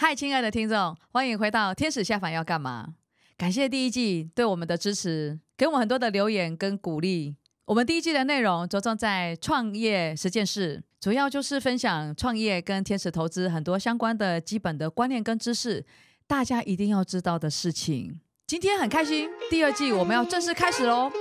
嗨，Hi, 親愛的聽眾，歡迎回到《天使下凡要幹嘛》。感謝第一季對我們的支持，給我們很多的留言跟鼓勵。我們第一季的內容着重在創業十件事，主要就是分享創業跟天使投資很多相關的基本的觀念跟知識，大家一定要知道的事情。今天很開心，第二季我們要正式開始嘍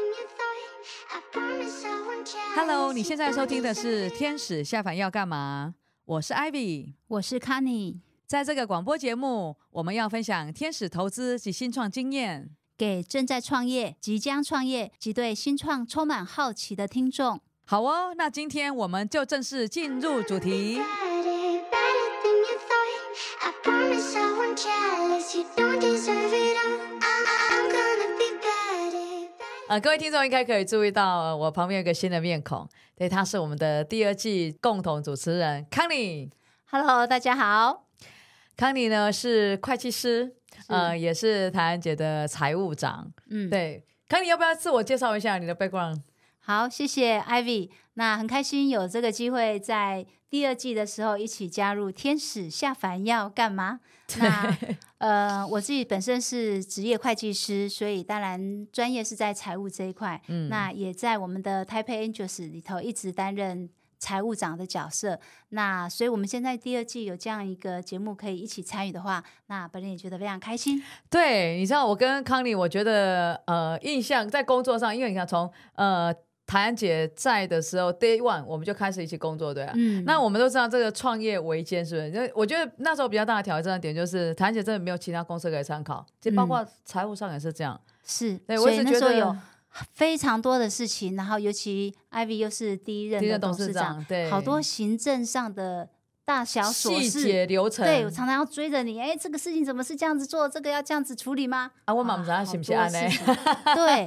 ！Hello，你現在收聽的是《天使下凡要幹嘛》。我是 Ivy，我是 Kenny。在這個廣播節目，我們要分享天使投資及新創經驗，給正在創業、即將創業及對新創充滿好奇的聽眾。好哦，那今天我們就正式進入主題。啊 be be、呃，各位聽眾應該可以注意到，呃、我旁邊有個新的面孔，對，他是我們的第二季共同主持人康妮。Hello，大家好。Kenny 呢是會計師，是呃，也是台安傑的財務長。嗯，對，Kenny 要不要自我介紹一下你的 background？好，謝謝 Ivy。那很開心有這個機會在第二季的時候一起加入天使下凡要幹嘛？對那呃，我自己本身是職業會計師，所以當然專業是在財務這一塊。嗯，那也在我們的 Taipei Angels 裡頭一直擔任。財務長的角色，那所以我們現在第二季有這樣一個節目可以一起參與的話，那本人也覺得非常開心。對，你知道我跟 Kenny，我覺得呃印象在工作上，因為你看從呃台安傑在的時候，Day One 我們就開始一起工作，對啊。嗯。那我們都知道這個創業維艱，是不是？就我覺得那時候比較大的挑戰的點就是，台安傑真的沒有其他公司可以參考，就包括財務上也是這樣。嗯、是。對，所以我也是覺得那時候有，非常多的事情，然後尤其 Ivy 又是第一任的第一任董事長，好多行政上的大小瑣事細節流程，對，我常常要追着你，哎，這個事情怎麼是這樣子做？這個要這樣子處理嗎？啊，我嘛不知道是不是按呢，對，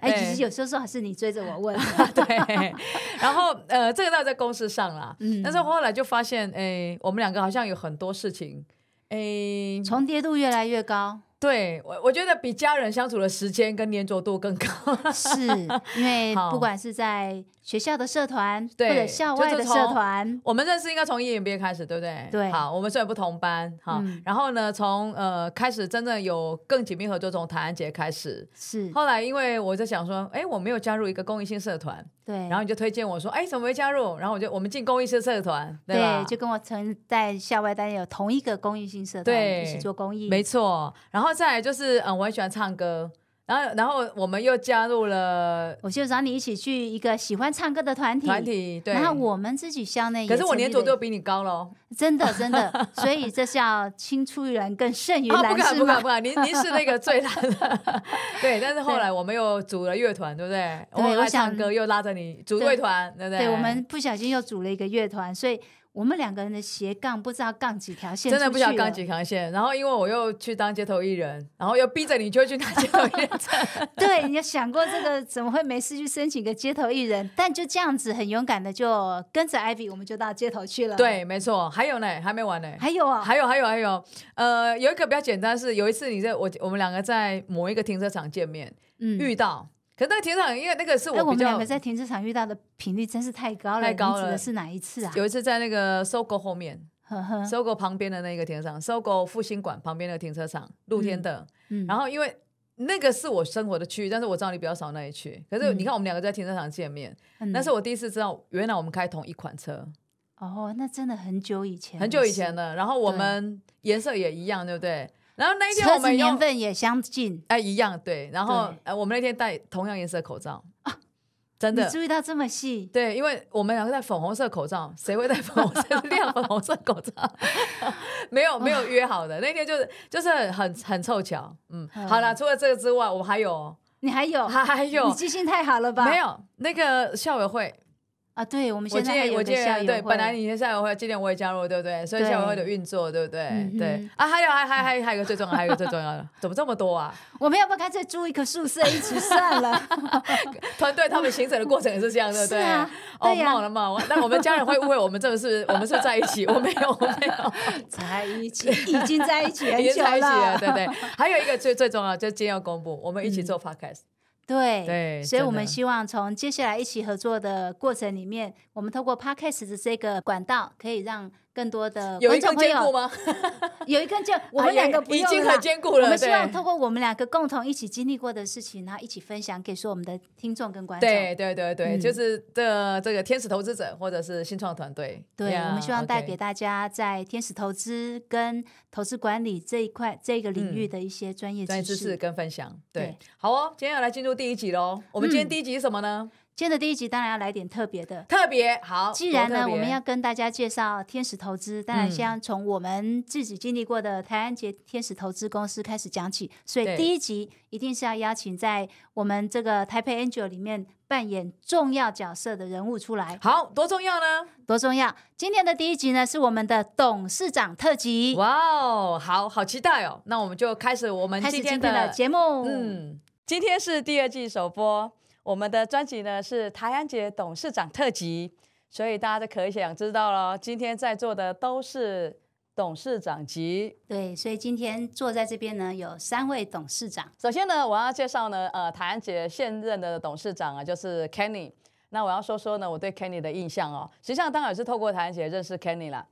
哎對，其實有時候還是你追着我問，對， 然後呃，這個倒在公司上了，嗯、但是後來就發現，哎，我們兩個好像有很多事情，哎，重疊度越來越高。對，我我覺得比家人相處的時間跟粘着度更高 是，是因為不管是在，學校的社團對或者校外的社團，我們認識應該從一年級開始，對不對？對。好，我們雖然不同班，好、嗯、然後呢，從呃開始真正有更緊密合作，從台安傑開始。是。後來因為我就想說，哎，我沒有加入一個公益性社團，對。然後你就推薦我說，哎，怎麼沒加入？然後我就我們進公益性社團，對，對就跟我曾在校外單位有同一個公益性社團一起對做公益，沒錯。然後再來就是，嗯，我很喜歡唱歌。然後，然後我們又加入了，我就找你一起去一個喜歡唱歌的團體。團體，對。然後我們自己相個可是我年頭都比你高了， 真的真的。所以這叫青出於藍更勝於藍啊。不敢不敢不敢，您您是那個最大的。 對，但是後來我們又組了樂團，對不對？對我愛唱歌，想又拉着你組樂團，對，對不對，對？我們不小心又組了一個樂團，所以。我們兩個人的斜槓不知道槓幾條線，真的不知道槓幾條線。然後因為我又去當街頭藝人，然後又逼着你就去當街頭藝人。 對，你有想過這個怎麼會沒事去申請個街頭藝人？但就這樣子很勇敢的就跟着 Ivy，我們就到街頭去了。對，沒錯。還有呢，還沒完呢。還有啊，還有還有還有，呃，有一個比較簡單是，有一次你在我我們兩個在某一個停車場見面，嗯，遇到。可那個停車場，因為那個是我，我們兩個在停車場遇到的頻率真是太高了。太高了是哪一次啊？有一次在那個 SOGO 後面，呵呵，SOGO 旁邊的那個停車場，SOGO 復興館旁邊那個停車場，露天的。嗯嗯、然後因為那個是我生活的區域，但是我知道你比較少那一區。可是你看我們兩個在停車場見面，嗯嗯、那是我第一次知道，原來我們開同一款車。嗯、哦，那真的很久以前，很久以前了。然後我們顏色也一樣，對不對？然後那天我們年份也相近，哎，一樣對。然後，呃，我們那天戴同樣顏色口罩，真的你注意到這麼細。對，因為我們兩個戴粉紅色口罩，誰會戴粉紅色，亮粉紅色口罩？沒有，沒有約好的那天就是就是很很湊巧。嗯，好了，除了這個之外，我還有，你還有，還有，你記性太好了吧？沒有，那個校委會。啊，對，我們現在我今年對，本來你先校友會，今天我也加入，對不對？所以校友會的運作，對不對？對啊，還有，還還還還有一個最重要，還有一個最重要的，怎麼這麼多啊？我們要不要乾脆租一個宿舍一起算了？團隊他們形成的過程也是這樣的，對對，哦，好了嘛，那我們家人會誤會我們真的是我們是在一起，我沒有，我沒有，在一起，已經在一起很久了，對對。還有一個最最重要，就今天要公布，我們一起做 podcast。對，對，所以，我們希望從接下來一起合作的過程裡面，的我們透過 podcast 的這個管道，可以讓。更多的觀眾朋友，有一根兼顧嗎？ 有一根就我們兩個、啊、已經很堅固了。我們希望透過我們兩個共同一起經歷過的事情，對然後一起分享，給說我們的聽眾跟觀眾。對，對對對對，嗯、就是這個、這個天使投資者或者是新創團隊。對，對 yeah, 我們希望帶給大家在天使投資跟投資管理這一塊這一個領域的一些專業知識、知識、嗯、跟分享。對，對好哦，今天要來進入第一集嘍。我們今天第一集是什麼呢？嗯今天的第一集當然要來點特別的，特別好。既然呢，我們要跟大家介紹天使投資，當然先從我們自己經歷過的台安傑天使投資公司開始講起。所以第一集一定是要邀請在我們這個台北 Angel 裡面扮演重要角色的人物出來。好，多重要呢？多重要！今天的第一集呢，是我們的董事長特輯。哇哦，好好期待哦。那我們就開始我們今天的，今天的節目。嗯，今天是第二季首播。我們的專輯呢是台安傑董事長特輯，所以大家就可以想知道咯，今天在座的都是董事長級，對，所以今天坐在這邊呢有三位董事長。首先呢，我要介紹呢，呃，台安傑現任的董事長啊，就是 Kenny。那我要說說呢，我對 Kenny 的印象哦，實際上當然是透過台安傑認識 Kenny 啦，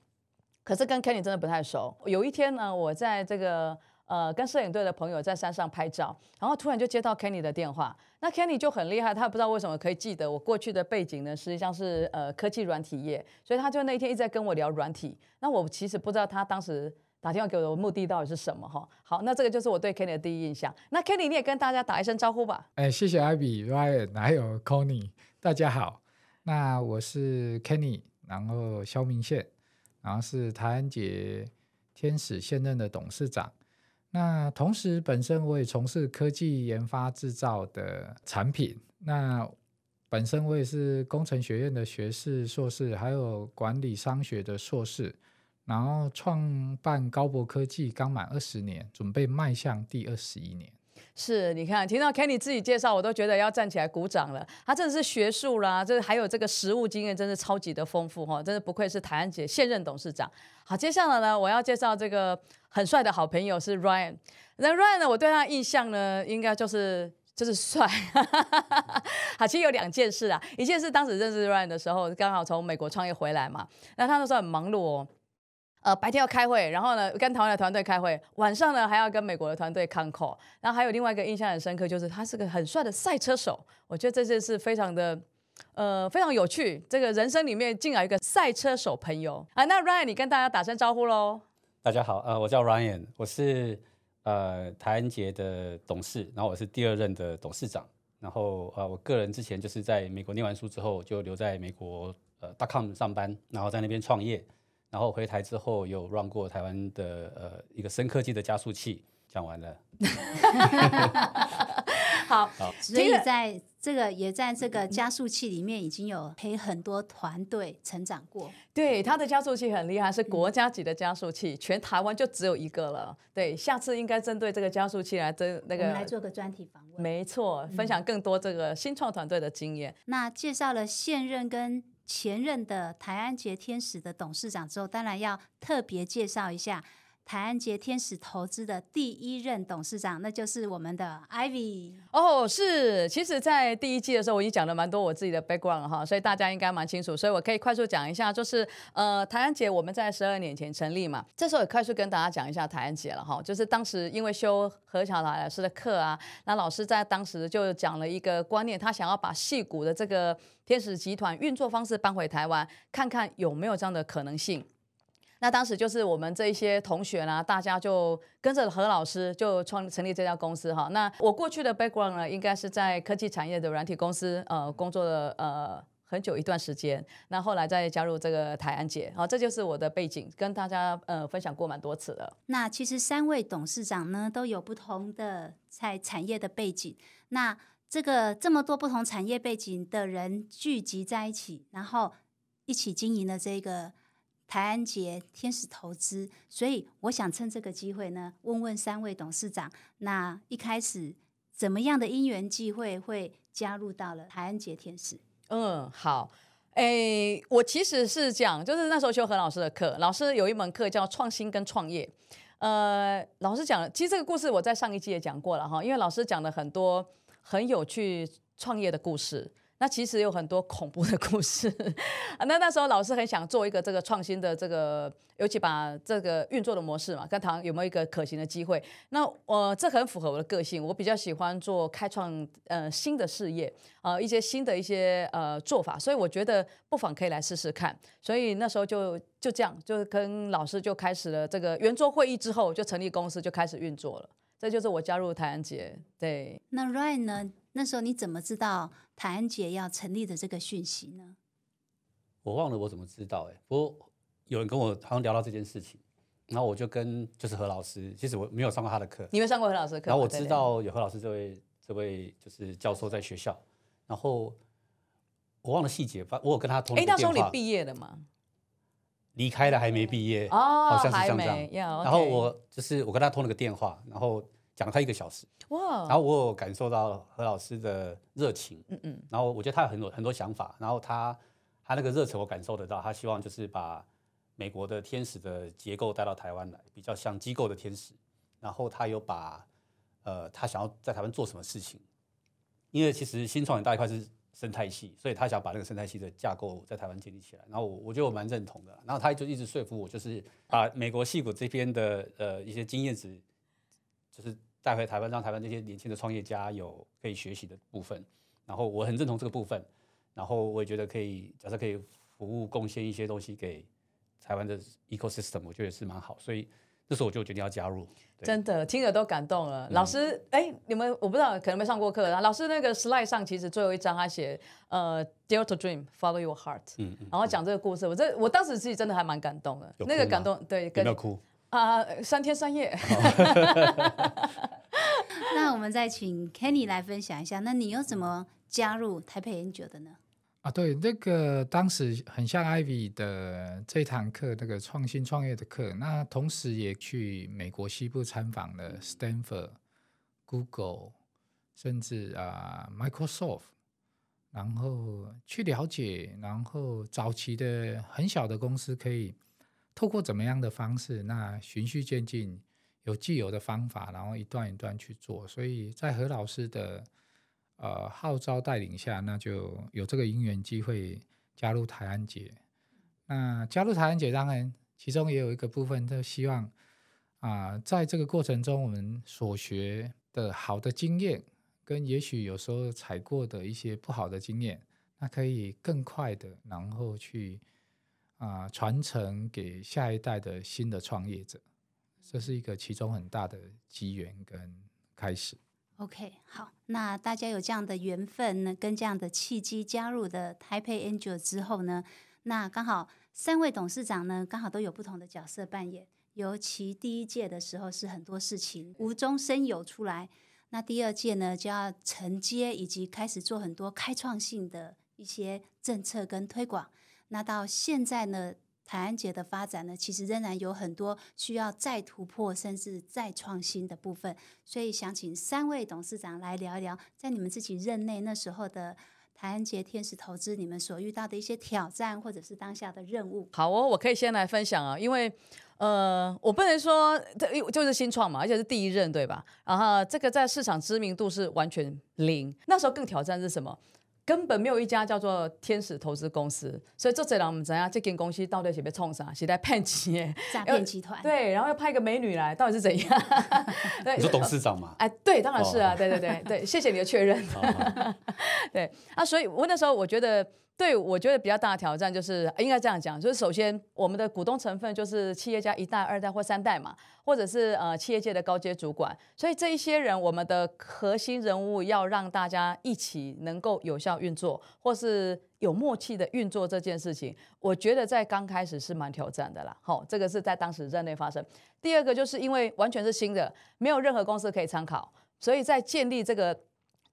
可是跟 Kenny 真的不太熟。有一天呢，我在這個呃跟攝影隊的朋友在山上拍照，然後突然就接到 Kenny 的電話。那 Kenny 就很厲害，他不知道為什麼可以記得我過去的背景呢，實際上是，是呃科技軟體業，所以他就那一天一直在跟我聊軟體。那我其實不知道他當時打電話給我的目的到底是什麼哈。好，那這個就是我對 Kenny 的第一印象。那 Kenny 你也跟大家打一聲招呼吧。哎、欸，謝謝 Ivy、Ryan 還有 Conny 大家好。那我是 Kenny，然後蕭明憲，然後是台安傑天使現任的董事長。那同時，本身我也從事科技研發製造的產品。那本身我也是工程學院的學士、碩士，還有管理商學的碩士。然後創辦高博科技，剛滿二十年，準備邁向第二十一年。是，你看，聽到 Kenny 自己介紹，我都覺得要站起來鼓掌了。他真的是學術啦，這、就是、還有這個實務經驗，真的超級的豐富哈、哦！真的不愧是台安傑現任董事長。好，接下來呢，我要介紹這個。很帥的好朋友是 Ryan，那 Ryan 呢？我對他的印象呢，應該就是就是帥。好， 其實有兩件事啊，一件事當時認識 Ryan 的時候，剛好從美國創業回來嘛，那他那時候很忙碌哦，呃，白天要開會，然後呢跟台灣的團隊開會，晚上呢還要跟美國的團隊 call。然後還有另外一個印象很深刻，就是他是個很帥的賽車手。我覺得這件事非常的呃非常有趣，這個人生裡面竟然有一個賽車手朋友啊。那 Ryan，你跟大家打聲招呼嘍。大家好，呃，我叫 Ryan，我是呃台安傑的董事，然後我是第二任的董事長，然後呃我個人之前就是在美國唸完書之後就留在美國呃大 com 上班，然後在那邊創業，然後回台之後有 run 過台灣的呃一個深科技的加速器，講完了。 好，所以在。這個也在這個加速器裡面已經有陪很多團隊成長過。嗯嗯、對，它的加速器很厲害，是國家級的加速器，嗯、全台灣就只有一個了。對，下次應該針對這個加速器來這那個。我們來做個專題訪問。沒錯，分享更多這個新創團隊的經驗。嗯、那介紹了現任跟前任的台安杰天使的董事長之後，當然要特別介紹一下。台安杰天使投資的第一任董事長，那就是我們的 Ivy。哦，是，其實，在第一季的時候，我已經講了蠻多我自己的 background 哈，所以大家應該蠻清楚，所以我可以快速講一下，就是呃，台安杰我們在十二年前成立嘛，這時候也快速跟大家講一下台安杰了哈，就是當時因為修何小台老師的課啊，那老師在當時就講了一個觀念，他想要把矽谷的這個天使集團運作方式搬回台灣，看看有沒有這樣的可能性。那當時就是我們這一些同學呢、啊，大家就跟着何老師就創成立這家公司哈。那我過去的 background 呢，應該是在科技產業的軟體公司呃工作了呃很久一段時間，那後來再加入這個台安傑，好，這就是我的背景，跟大家呃分享過蠻多次了。那其實三位董事長呢都有不同的在產業的背景，那這個這麼多不同產業背景的人聚集在一起，然後一起經營了這個。台安傑天使投資，所以我想趁這個機會呢，問問三位董事長，那一開始怎麼樣的因緣際會會加入到了台安傑天使？嗯，好，哎，我其實是講，就是那時候修何老師的課，老師有一門課叫創新跟創業，呃，老師講，其實這個故事我在上一季也講過了哈，因為老師講了很多很有趣創業的故事。那其實有很多恐怖的故事，那那時候老師很想做一個這個創新的這個，尤其把這個運作的模式嘛，看台灣有沒有一個可行的機會？那我、呃、這很符合我的個性，我比較喜歡做開創呃新的事業，啊、呃，一些新的一些呃做法，所以我覺得不妨可以來試試看。所以那時候就就這樣，就跟老師就開始了這個圓桌會議之後，就成立公司就開始運作了。這就是我加入台安傑，對。那 Ryan 呢？那時候你怎麼知道台安杰要成立的這個訊息呢？我忘了我怎麼知道哎、欸，不過有人跟我好像聊到這件事情，然後我就跟就是何老師，其實我沒有上過他的課，你沒有上過何老師的課，然後我知道有何老師這位這位就是教授在學校，然後我忘了細節，我有跟他通。哎、欸，當時候你畢業了嗎？離開了還沒畢業哦，好像是像這樣。Yeah, okay、然後我就是我跟他通了個電話，然後。講了他一個小時哇，Wow 然後我有感受到何老師的熱情，嗯嗯，然後我覺得他很有很多很多想法，然後他他那個熱情我感受得到，他希望就是把美國的天使的結構帶到台灣來，比較像機構的天使，然後他有把呃他想要在台灣做什麼事情，因為其實新創很大一塊是生態系，所以他想把那個生態系的架構在台灣建立起來，然後我我覺得我蠻認同的，然後他就一直說服我，就是把美國矽谷這邊的呃一些經驗值，就是。帶回台灣，讓台灣那些年輕的創業家有可以學習的部分。然後我很認同這個部分，然後我也覺得可以，假設可以服務貢獻一些東西給台灣的 ecosystem，我覺得也是蠻好。所以那時候我就決定要加入。真的，聽了都感動了。嗯、老師，哎、欸，你們我不知道，可能沒上過課。然後老師那個 slide 上其實最後一張他寫，呃，Dare to dream, follow your heart。嗯，嗯。然後講這個故事，嗯、我這我當時自己真的還蠻感動的。那個感動，對，跟有沒有哭？啊、呃，三天三夜。 那我們再請 Kenny 來分享一下，那你又怎麼加入台安傑的呢？啊，對，那個當時很像 Ivy 的這堂課，那個創新創業的課，那同時也去美國西部參訪了 Stanford、嗯、Google，甚至啊 Microsoft，然後去了解，然後早期的很小的公司可以透過怎麼樣的方式，那循序漸進。有既有的方法，然後一段一段去做。所以在何老師的呃號召帶領下，那就有這個因緣機會加入台安傑。那加入台安傑當然其中也有一個部分，就希望啊、呃，在這個過程中，我們所學的好的經驗，跟也許有時候踩過的一些不好的經驗，那可以更快的，然後去啊、呃、傳承給下一代的新的創業者。這是一個其中很大的機緣跟開始。OK，好，那大家有這樣的緣分呢，跟這樣的契機加入的台北 Angel 之後呢，那剛好三位董事長呢，剛好都有不同的角色扮演。尤其第一屆的時候是很多事情無中生有出來，那第二屆呢就要承接以及開始做很多開創性的一些政策跟推廣。那到現在呢？台安傑的發展呢，其實仍然有很多需要再突破，甚至再創新的部分。所以想請三位董事長來聊一聊，在你們自己任內那時候的台安傑天使投資，你們所遇到的一些挑戰，或者是當下的任務。好哦，我可以先來分享啊，因為呃，我不能說，這就是新創嘛，而且是第一任對吧？然後這個在市場知名度是完全零，那時候更挑戰是什麼？根本沒有一家叫做天使投資公司，所以做這人我們怎樣？這間公司到底是被衝啥？是在騙錢？詐騙集團？對，然後要派一個美女來，到底是怎樣？ 對你說董事長嗎？哎，對，當然是啊，哦、對對對對， 對，謝謝你的確認。 對啊，所以我那時候我覺得。對，我覺得比較大的挑戰就是，應該這樣講，就是首先我們的股東成分就是企業家一代、二代或三代嘛，或者是呃企業界的高階主管，所以這一些人，我們的核心人物要讓大家一起能夠有效運作，或是有默契的運作這件事情，我覺得在剛開始是蠻挑戰的啦。好、哦，這個是在當時任內發生。第二個就是因為完全是新的，沒有任何公司可以參考，所以在建立這個。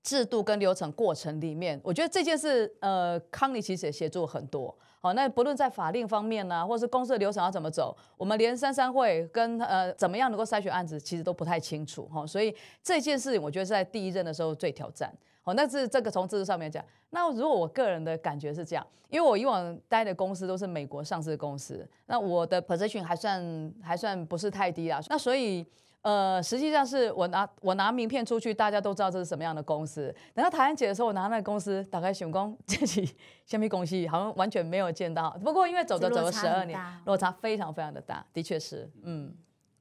制度跟流程過程裡面，我覺得這件事，呃，康尼其實也協助很多。好，那不論在法令方面呢，啊，或者是公司的流程要怎麼走，我們連三三會跟呃怎麼樣能夠篩選案子，其實都不太清楚。哈，所以這件事情，我覺得是在第一任的時候最挑戰。好，但是這個從制度上面講，那如果我個人的感覺是這樣，因為我以往待的公司都是美國上市公司，那我的 position 還算還算不是太低啦。那所以。呃，實際上是我拿我拿名片出去，大家都知道這是什麼樣的公司。等到台安傑的時候，我拿那個公司打開熊工自己相片恭喜，好像完全沒有見到。不過因為走着走着十二年落差非常非常的大，的確是，嗯，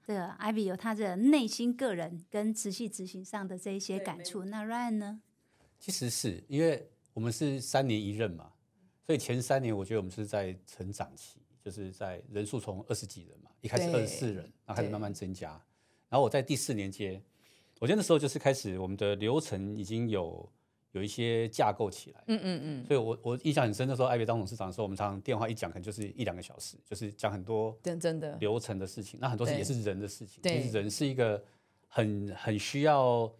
對。Ivy 有他的內心、個人跟持續執行上的這些感觸。那 Ryan 呢？其實是因為我們是三年一任嘛，所以前三年我覺得我們是在成長期，就是在人數從二十幾人嘛，一開始二十四人，然後開始慢慢增加。然後我在第四年接，我覺得那時候就是開始，我們的流程已經有有一些架構起來。嗯嗯嗯。所以我，我我印象很深的時候，艾薇當董事長的時候，我們常常電話一講，可能就是一兩個小時，就是講很多流程的事情。那很多是也是人的事情。對，對其實人是一個很很需要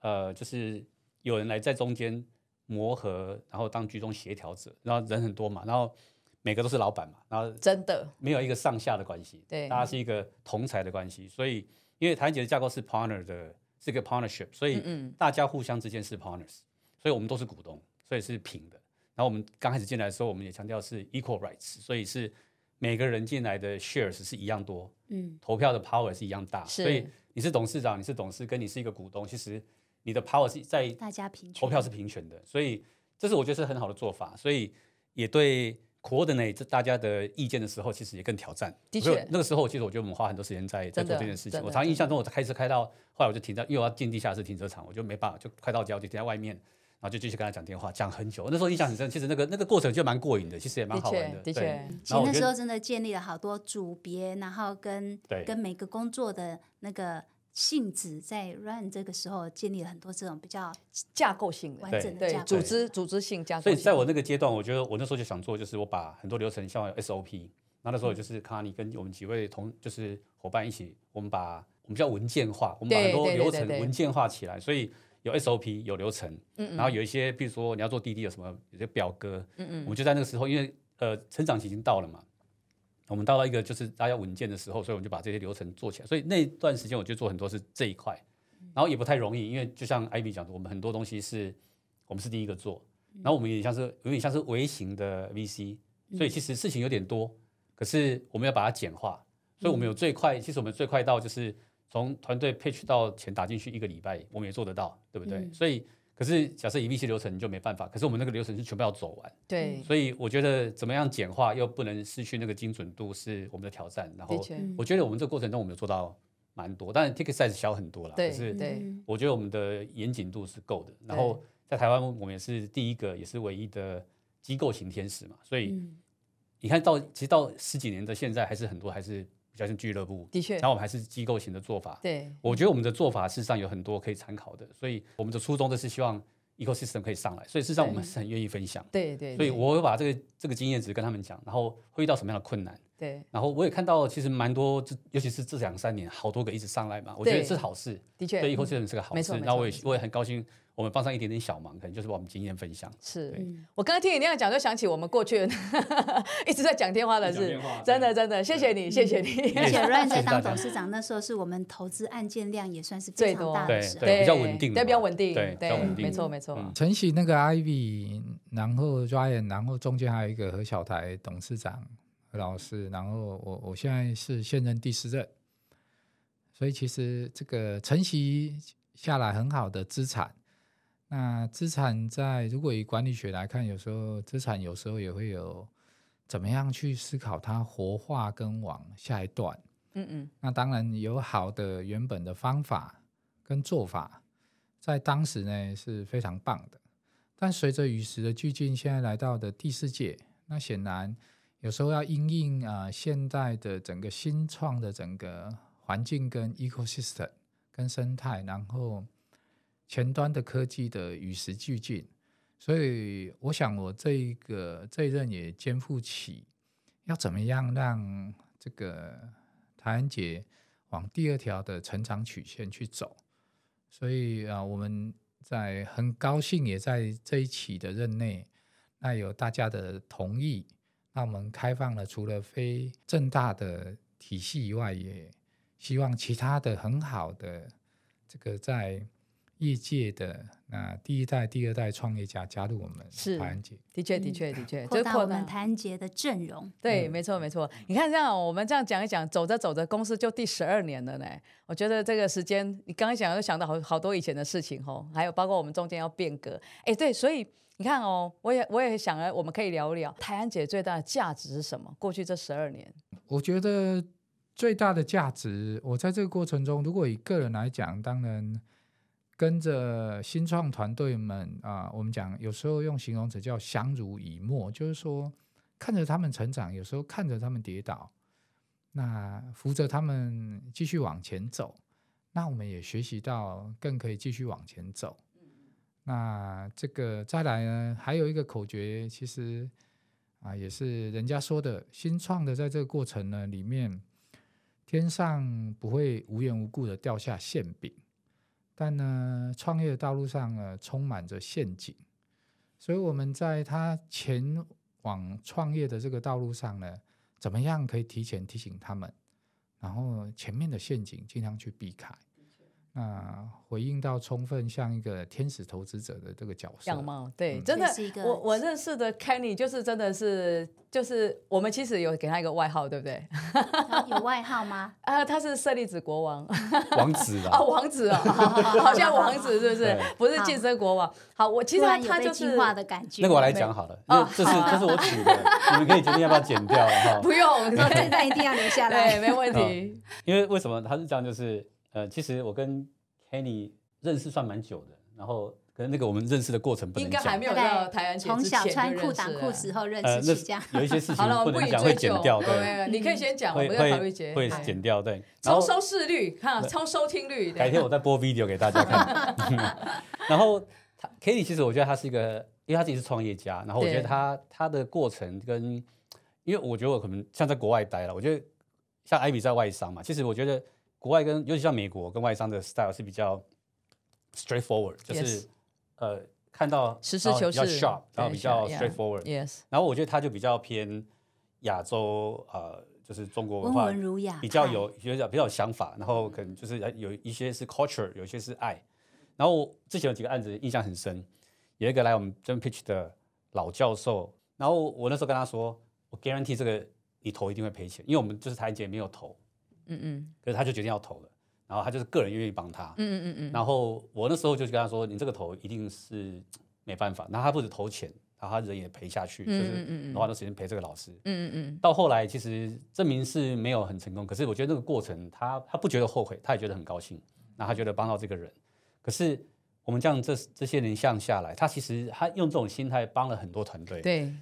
呃，就是有人來在中間磨合，然後當居中協調者。然後人很多嘛，然後每個都是老闆嘛，然後真的沒有一個上下的關係，對，對大家是一個同儕的關係，所以。因為台安傑的架構是 partner 的，是個 partnership，所以大家互相之間是 partners，、嗯嗯、所以我們都是股東，所以是平的。然後我們剛開始進來的時候，我們也強調是 equal rights，所以是每個人進來的 shares 是一樣多，嗯、投票的 power 是一樣大，是所以你是董事長，你是董事，跟你是一個股東，其實你的 power 是在投票是平權的，所以這是我覺得是很好的做法，所以也對。coordinate 這大家的意見的時候，其實也更挑戰。的確確，那個時候，其實我覺得我們花很多時間在的在做這件事情。對對對，我常印象中，我開車開到後來，我就停在，又要進地下室停車場，我就沒辦法，就開到家，我就停在外面，然後就繼續跟他講電話，講很久。那時候印象很深，其實那個那個過程就蠻過癮的，其實也蠻好玩的。的確對，確其實那時候真的建立了好多組別，然後跟對跟每個工作的那個。性質在 run 這個時候建立了很多這種比較架構性完整的架構的組織,對組,織組織性架構性。所以在我那個階段，我覺得我那時候就想做，就是我把很多流程像 SOP，那那時候就是看尼跟我們幾位同就是伙伴一起，我們把我們叫文件化，我們把很多流程文件化起來，所以有 SOP 有流程，嗯然後有一些，比如說你要做滴滴有什麼有些表格，嗯，我們就在那個時候，因為呃成長期已經到了嘛。我們到了一個就是大家穩健的時候，所以我們就把這些流程做起來。所以那段時間我就做很多是這一塊，然後也不太容易，因為就像 Ivy 講的，我們很多東西是我們是第一個做，然後我們也像是有點像是微型的 VC，所以其實事情有點多，可是我們要把它簡化，所以我們有最快，嗯、其實我們最快到就是從團隊配置到錢打進去一個禮拜，我們也做得到，對不對？所以、嗯。可是，假設以、e、VC 流程，你就沒辦法。可是我們那個流程是全部要走完，對。所以我覺得怎麼樣簡化又不能失去那個精準度，是我們的挑戰。然後，我覺得我們這個過程中我們有做到蠻多，但是 ticket size 小很多了。對對。我覺得我們的嚴謹度是夠的。對然後在台灣，我們也是第一個，也是唯一的機構型天使嘛。所以你看到，其實到十幾年的現在，還是很多還是。比較像俱樂部，確然後我們還是機構型的做法。對我覺得我們的做法事實上有很多可以參考的，所以我們的初衷就是希望 ecosystem 可以上來，所以事實上對我們是很願意分享。對對對，所以我有把這個這個經驗值跟他們講，然後會遇到什麼樣的困難。對然後我也看到其實蠻多，尤其是這兩三年，好多個一直上來嘛，我覺得是好事。對 ecosystem、嗯、是個好事，那錯我也我也很高興。我們幫上一點點小忙，可能就是把我們經驗分享。是，我剛剛聽你那樣講，就想起我們過去一直在講天花的事，真的真的，謝謝你，謝謝你。而且 Ryan 在當董事長那時候，是我們投資案件量也算是最多的時候，比較穩定，對，比較穩定，對，比較穩定，沒錯沒錯。晨曦那個 IVY，然後 Ryan，然後中間還有一個何小台董事長，何老師，然後我我現在是現任第四任，所以其實這個晨曦下來很好的資產。那資產在，如果以管理學來看，有時候資產有時候也會有怎麼樣去思考它活化跟往下一段。嗯嗯，那當然有好的原本的方法跟做法，在當時呢是非常棒的。但隨着與時的俱進，現在來到的第四屆，那顯然有時候要因應啊、呃，現在的整個新創的整個環境跟 ecosystem、跟生態，然後。前端的科技的與時俱進，所以我想我這一個這一任也肩負起要怎麼樣讓這個台安傑往第二條的成長曲線去走。所以啊，我們在很高興也在這一期的任內，那有大家的同意，那我們開放了除了非政大的體系以外，也希望其他的很好的這個在。業界的那、呃、第一代、第二代創業家加入我們，是台安傑，的確、的確、的確，嗯、就是擴大我們台安傑的陣容。對，沒錯，沒錯。對你看這樣，我們這樣講一講，走着走着，公司就第十二年了呢。我覺得這個時間，你剛剛講又想到好好多以前的事情哦，還有包括我們中間要變革。哎、欸，對，所以你看哦、喔，我也我也想來，我們可以聊聊台安傑最大的價值是什麼？過去這十二年，我覺得最大的價值，我在這個過程中，如果以個人來講，當然。跟着新創團隊們啊，我們講有時候用形容詞叫相濡以沫，就是說看着他們成長，有時候看着他們跌倒，那扶着他們繼續往前走，那我們也學習到，更可以繼續往前走。那這個再來呢，還有一個口訣，其實啊也是人家說的，新創的在這個過程呢裡面，天上不會無緣無故的掉下餡餅。但呢，創業的道路上呢，充滿着陷阱，所以我們在他前往創業的這個道路上呢，怎麼樣可以提前提醒他們，然後前面的陷阱儘量去避開。啊，回應到充分，像一個天使投資者的這個角色。樣貌對，真的，我我認識的 Kenny 就是真的是，就是我們其實有給他一個外號，對不對？有外號嗎？啊，他是舍利子國王，王子啊，王子哦，好像王子是不是？不是健身國王。好，我其實他就是那個我來講好了，這是這是我取的，你們可以決定要不要剪掉哈。不用，我現在一定要留下來，沒問題。因為為什麼他是這樣？就是。呃，其實我跟 Kenny 認識算蠻久的，然後可能那個我們認識的過程不能講。應該還沒有到台灣，從小穿褲擋褲時候認識一家。好了，我們不予追究。你可以先講，我會考慮一下，會剪掉對，超收視率哈，超收聽率。改天我再播 video 給大家看。然後，Kenny 其實我覺得他是一個，因為他自己是創業家，然後我覺得他他的過程跟，因為我覺得我可能像在國外待了，我覺得像 Ivy 在外商嘛，其實我覺得。國外跟尤其像美國跟外商的 style 是比較 straightforward，Yes. 就是呃看到實事求是，比較 sharp，然後比較 straightforward 對。然後比較 straightforward, yeah . yes，然後我覺得他就比較偏亞洲呃，就是中國文化，溫文儒雅比較有有點比較有想法，然後可能就是有一些是 culture，有一些是愛。然後我之前有幾個案子印象很深，有一個來我們這邊 pitch 的老教授，然後我那時候跟他說，我 guarantee 這個你投一定會賠錢，因為我們就是台傑沒有投。嗯嗯，可是他就決定要投了，然後他就是個人願意幫他，嗯嗯嗯，然後我那時候就跟他說，你這個投一定是沒辦法，那他不止投錢，然後他人也陪下去，嗯嗯嗯嗯，就是花多時間陪這個老師，嗯嗯嗯。到後來其實證明是沒有很成功，可是我覺得那個過程他他不覺得後悔，他也覺得很高興，那他覺得幫到這個人。可是我們這樣這這些人向下來，他其實他用這種心態幫了很多團隊，對。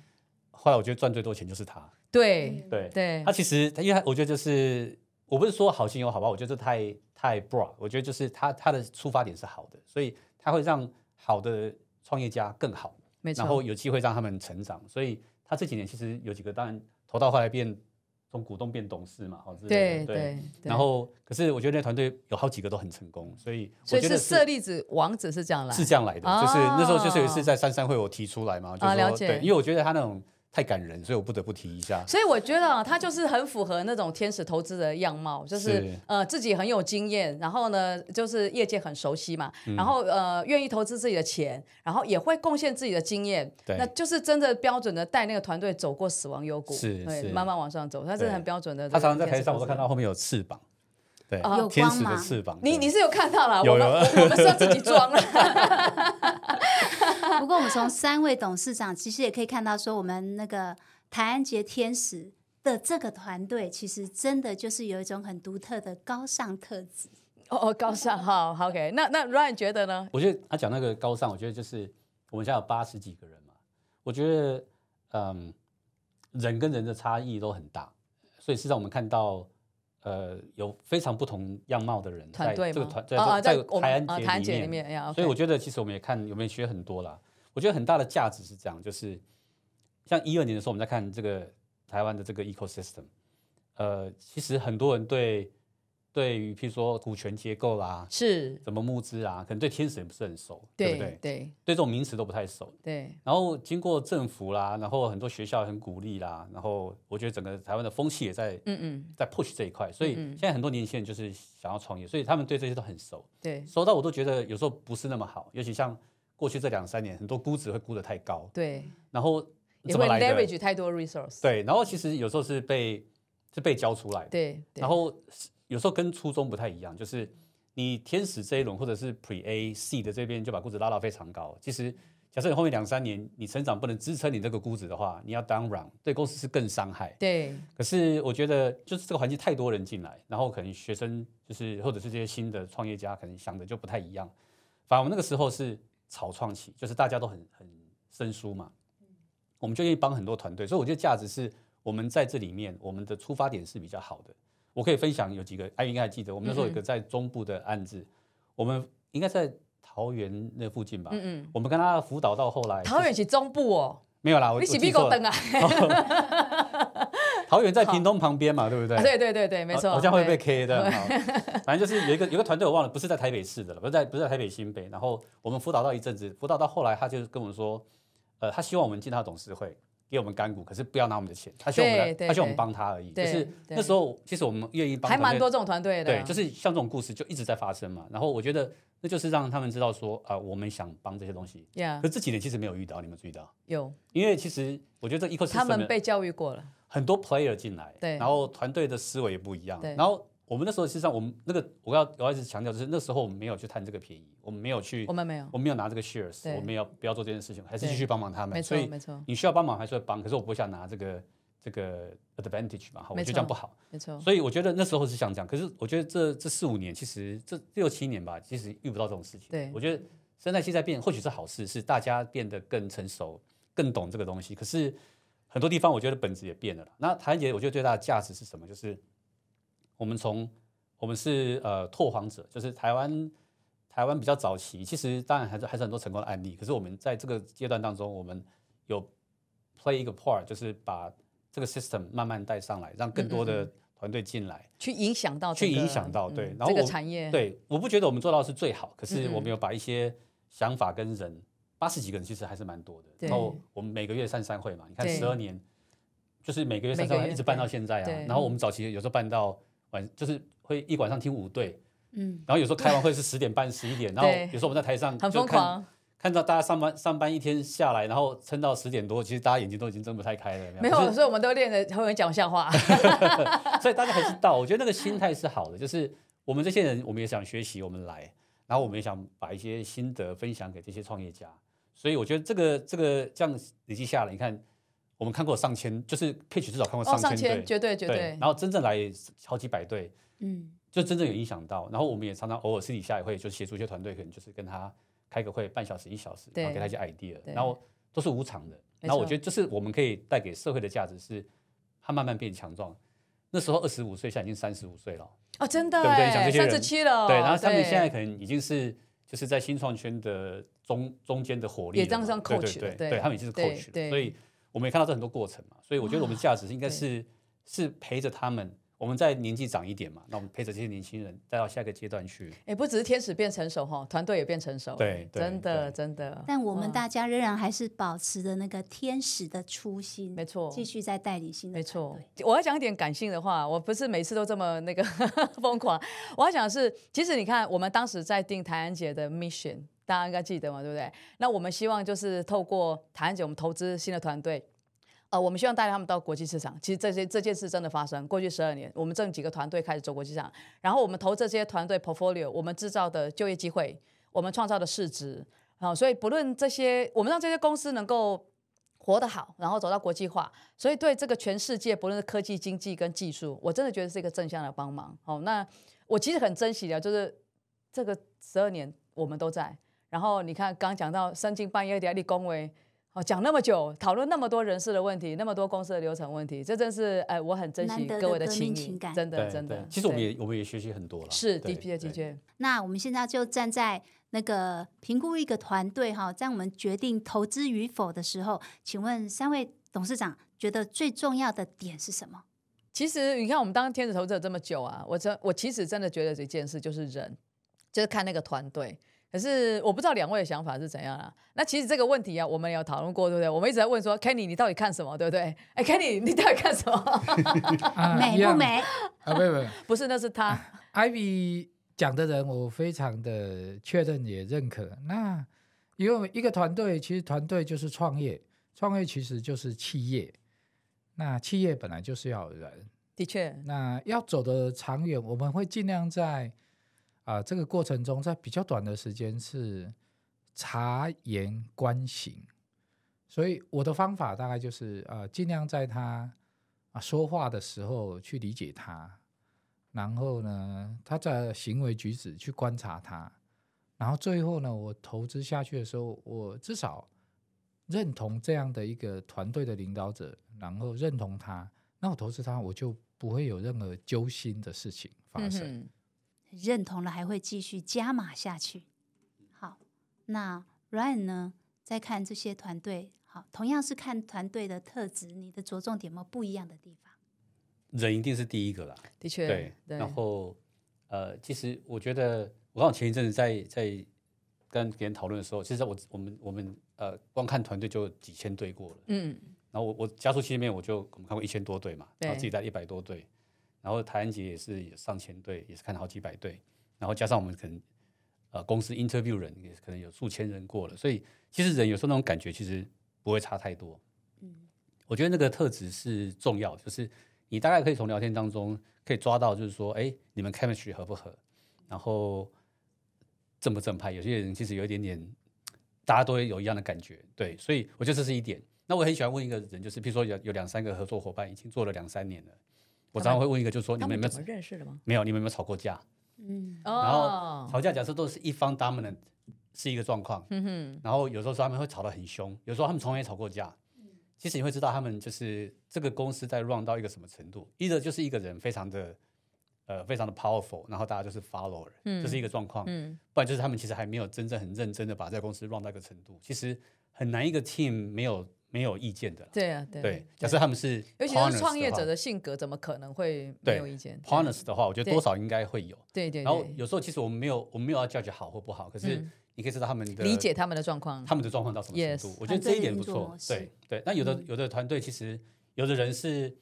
後來我覺得賺最多錢就是他，對對對。他其實他因為他我覺得就是。我不是說好心有好吧，我覺得這太太 bra，我覺得就是他他的出發點是好的，所以他會讓好的創業家更好，沒錯。然後有機會讓他們成長。所以他這幾年其實有幾個，當然投到後來變從股東變董事嘛，好像是，對對。對對然後可是我覺得那團隊有好幾個都很成功，所以我覺得是所以是設立子，王子是這樣來，是這樣來的，哦、就是那時候就是有一次在三三會我提出來嘛，就是說、哦、對，因為我覺得他那種。太感人，所以我不得不提一下。所以我覺得、啊、他就是很符合那種天使投資的樣貌，就是，是呃自己很有經驗，然後呢就是業界很熟悉嘛，嗯、然後呃願意投資自己的錢，然後也會貢獻自己的經驗，對那就是真的標準的帶那個團隊走過死亡幽谷，是是對，慢慢往上走，他是很標準的。他常常在台上我都看到後面有翅膀，對，有、呃、天使的翅膀，你你是有看到了？對有有有 我們是要自己裝了。 不過，我們從三位董事長其實也可以看到，說我們那個台安傑天使的這個團隊，其實真的就是有一種很獨特的高尚特質。哦哦，高尚好,好 OK 那那 Ryan 覺得呢？我覺得他講那個高尚，我覺得就是我們現在有八十幾個人嘛，我覺得嗯，人跟人的差異都很大，所以實際上我們看到。呃，有非常不同樣貌的人在這個團在這、啊啊、在台安傑裡面，所以我覺得其實我們也看有沒有學很多啦。嗯、我覺得很大的價值是這樣，就是像一二年的時候，我們在看這個台灣的這個 ecosystem，呃，其實很多人對。對於，譬如說股權結構啦，是什麼募資啊？可能對天使也不是很熟，對，對不對？對，對這種名詞都不太熟。對，然後經過政府啦，然後很多學校很鼓勵啦，然後我覺得整個台灣的風氣也在，嗯嗯，在 push 這一塊。所以現在很多年輕人就是想要創業，所以他們對這些都很熟。對，熟到我都覺得有時候不是那麼好，尤其像過去這兩三年，很多估值會估得太高。對，然後也會 leverage 太多 resource。對，然後其實有時候是被。是被教出來的，對，對，然後有時候跟初中不太一樣，就是你天使這一輪或者是 Pre A、C 的這邊就把估值拉到非常高。其實假設你後面兩三年你成長不能支撐你這個估值的話，你要 down round，對公司是更傷害。對，可是我覺得就是這個環境太多人進來，然後可能學生就是或者是這些新的創業家可能想的就不太一樣。反而我們那個時候是草創期，就是大家都很很生疏嘛，我們就願意幫很多團隊，所以我覺得價值是。我們在這裡面，我們的出發點是比較好的。我可以分享有幾個，IVY，應該還記得，我們那時候有個在中部的案子，嗯嗯我們應該是在桃園那附近吧？嗯嗯我們跟他輔導到後來，桃園是中部哦。沒有啦，我你是屁股蹲啊？ 桃園在屏東旁邊嘛，對不對？啊、對對對對，沒錯。好，好像會被 K 的對，反正就是有一個有一個團隊，我忘了，不是在台北市的了，不是在不是在台北新北，然後我們輔導到一陣子，輔導到後來，他就跟我們說，呃，他希望我們進他的董事會。給我們乾股，可是不要拿我們的錢，他希望我們，他希望我們幫他而已。就是那時候，其實我們願意幫。還蠻多這種團隊的。對，就是像這種故事就一直在發生嘛。然後我覺得，那就是讓他們知道說啊，我們想幫這些東西。Yeah 可這幾年其實沒有遇到，你們注意到？有。因為其實我覺得這一個是他們被教育過了，很多 player 進來，對，然後團隊的思維也不一樣，對。然後。我們那時候事實上，我們那個我要我要一直強調，就是那時候我們沒有去貪這個便宜，我們沒有去，我們沒有，拿這個 shares，我們沒有對，我們要不要做這件事情，還是繼續幫忙他們。沒錯，沒錯。你需要幫忙還是要幫，可是我不想拿這個這個 advantage 嘛，我覺得這樣不好。沒錯。所以我覺得那時候是像這樣，可是我覺得這這四五年，其實這六七年吧，其實遇不到這種事情。對。我覺得生態系在變，或許是好事，是大家變得更成熟、更懂這個東西。可是很多地方，我覺得本質也變了。那台安傑，我覺得最大的價值是什麼？就是。我們從我們是呃拓荒者，就是台灣台灣比較早期，其實當然還是還是很多成功的案例。可是我們在這個階段當中，我們有 play 一個 part，就是把這個 system 慢慢帶上來，讓更多的團隊進來，嗯嗯，去影響到、這個，去影響到，對，嗯、然後我這個產業，對，我不覺得我們做到是最好，可是我們有把一些想法跟人嗯嗯，八十幾個人，其實還是蠻多的。對然後我們每個月三三會嘛，你看十二年，對就是每個月三三會一直辦到現在啊。然後我們早期有時候辦到。晚就是會一晚上聽五隊，嗯，然後有時候開完會是十點半十一對點，然後有時候我們在台上就看很瘋狂，看到大家上班上班一天下來，然後撐到十點多，其實大家眼睛都已經睜不太開了。沒有，是所以我們都練得很會講笑話， 所以大家還是到，我覺得那個心態是好的，就是我們這些人，我們也想學習，我們來，然後我們也想把一些心得分享給這些創業家，所以我覺得這個這個這樣累積下來，你看。我們看過上千，就是 pitch 至少看過上千對，絕對絕對。然後真正來好幾百對，嗯，就真正有影響到。然後我們也常常偶爾私底下也會，就協助一些團隊，可能就是跟他開個會，半小時一小時，對，給他一些 idea。然後都是無償的。然後我覺得就是我們可以帶給社會的價值是，他慢慢變強壯。那時候二十五歲，現在已經三十五歲了。哦，真的，對不對？想這些人，三十七了。對，然後他們現在可能已經是，就是在新創圈的中中間的火力，也當上 coach 了，對，他們已經是 coach 了，所以。我們也看到這很多過程嘛，所以我覺得我們價值應該是是陪着他們，我們在年紀長一點嘛，那我們陪着這些年輕人再到下一個階段去。哎、欸，不只是天使變成熟哈，團隊也變成熟。對，真的真的。對真的但我們大家仍然還是保持着那個天使的初心，沒錯哇，繼續在代理。新的錯我要講一點感性的話，我不是每次都這麼那個 瘋狂。我要講是，其實你看，我們當時在定台安姐的 mission。大家應該記得嘛，對不對？那我們希望就是透過台安傑我們投資新的團隊，呃，我們希望帶他們到國際市場。其實這些這件事真的發生。過去十二年，我們這幾個團隊開始走國際市場，然後我們投這些團隊 portfolio，我們製造的就業機會，我們創造的市值，好、哦，所以不論這些，我們讓這些公司能夠活得好，然後走到國際化。所以對這個全世界，不論是科技、經濟跟技術，我真的覺得是一個正向的幫忙。好、哦，那我其實很珍惜的，就是這個十二年我們都在。然後你看，剛講到三更半夜的下你恭維哦，講那麼久，討論那麼多人事的問題，那麼多公司的流程問題，這真是哎、呃，我很珍惜得得各位的情感。真的真的。其實我們也對我們也學習很多了。是，的確的確。那我們現在就站在那個評估一個團隊哈，在我們決定投資與否的時候，請問三位董事長覺得最重要的點是什麼？其實你看，我們當天使投資者這麼久啊，我真我其實真的覺得這件事就是人，就是看那個團隊。可是我不知道兩位的想法是怎樣啊。那其實這個問題啊，我們有討論過，對不對？我們一直在問說，Kenny， 你到底看什麼，對不對？哎，Kenny，你到底看什麼？ 啊、美不美？啊，不不是，那是他。啊、Ivy 講的人，我非常的確認也認可。那因為一個團隊，其實團隊就是創業，創業其實就是企業。那企業本來就是要人。的確。那要走的長遠，我們會盡量在。啊、呃，這個過程中，在比較短的時間是察言觀行，所以我的方法大概就是，呃，盡量在他啊說話的時候去理解他，然後呢，他在行為舉止去觀察他，然後最後呢，我投資下去的時候，我至少認同這樣的一個團隊的領導者，然後認同他，那我投資他，我就不會有任何揪心的事情發生。嗯認同了還會繼續加碼下去。好，那 Ryan 呢？再看這些團隊，好，同樣是看團隊的特質，你的着重點有沒有不一樣的地方？人一定是第一個啦，的確確，對。對然後，呃，其實我覺得，我剛好前一陣子在在跟別人討論的時候，其實我們我們我們呃，光看團隊就幾千隊過了，嗯。然後我我加速器裡面我就我們看過一千多隊嘛，然後自己帶一百多隊。對然後台安傑也是有上千對，也是看好幾百對，然後加上我們可能，呃，公司 interview 人也可能有數千人過了，所以其實人有時候那種感覺其實不會差太多。嗯，我覺得那個特質是重要，就是你大概可以從聊天當中可以抓到，就是說，哎，你們 chemistry 合不合，然後正不正派？有些人其實有一點點，大家都會有一樣的感覺，對，所以我覺得這是一點。那我很喜歡問一個人，就是譬如說有有兩三個合作夥伴已經做了兩三年了。我常常會問一個，就是說你們有沒有怎麼認識的嗎？沒有，你們有沒有吵過架？嗯，然後吵架假設都是一方 dominant 是一個狀況，哦、然後有時候說他們會吵得很凶，有時候他們從來沒吵過架。其實你會知道他們就是這個公司在 run 到一個什麼程度，一個就是一個人非常的呃，非常的 powerful，然後大家就是 follower，這、嗯、是一個狀況。嗯，不然就是他們其實還沒有真正很認真的把這個公司 run 到一個程度，其實很難一個 team 沒有。沒有意見的，對啊，對，假設他們是，尤其是創業者的性格，怎麼可能會沒有意見？partners 的話，我覺得多少應該會有，對對。然後有時候其實我們沒有，我們沒有要 judge 好或不好，可是你可以知道他們的理解他們的狀況，他們的狀況到什麼程度。我覺得這一點不錯，對對。但有的有的團隊其實有的人是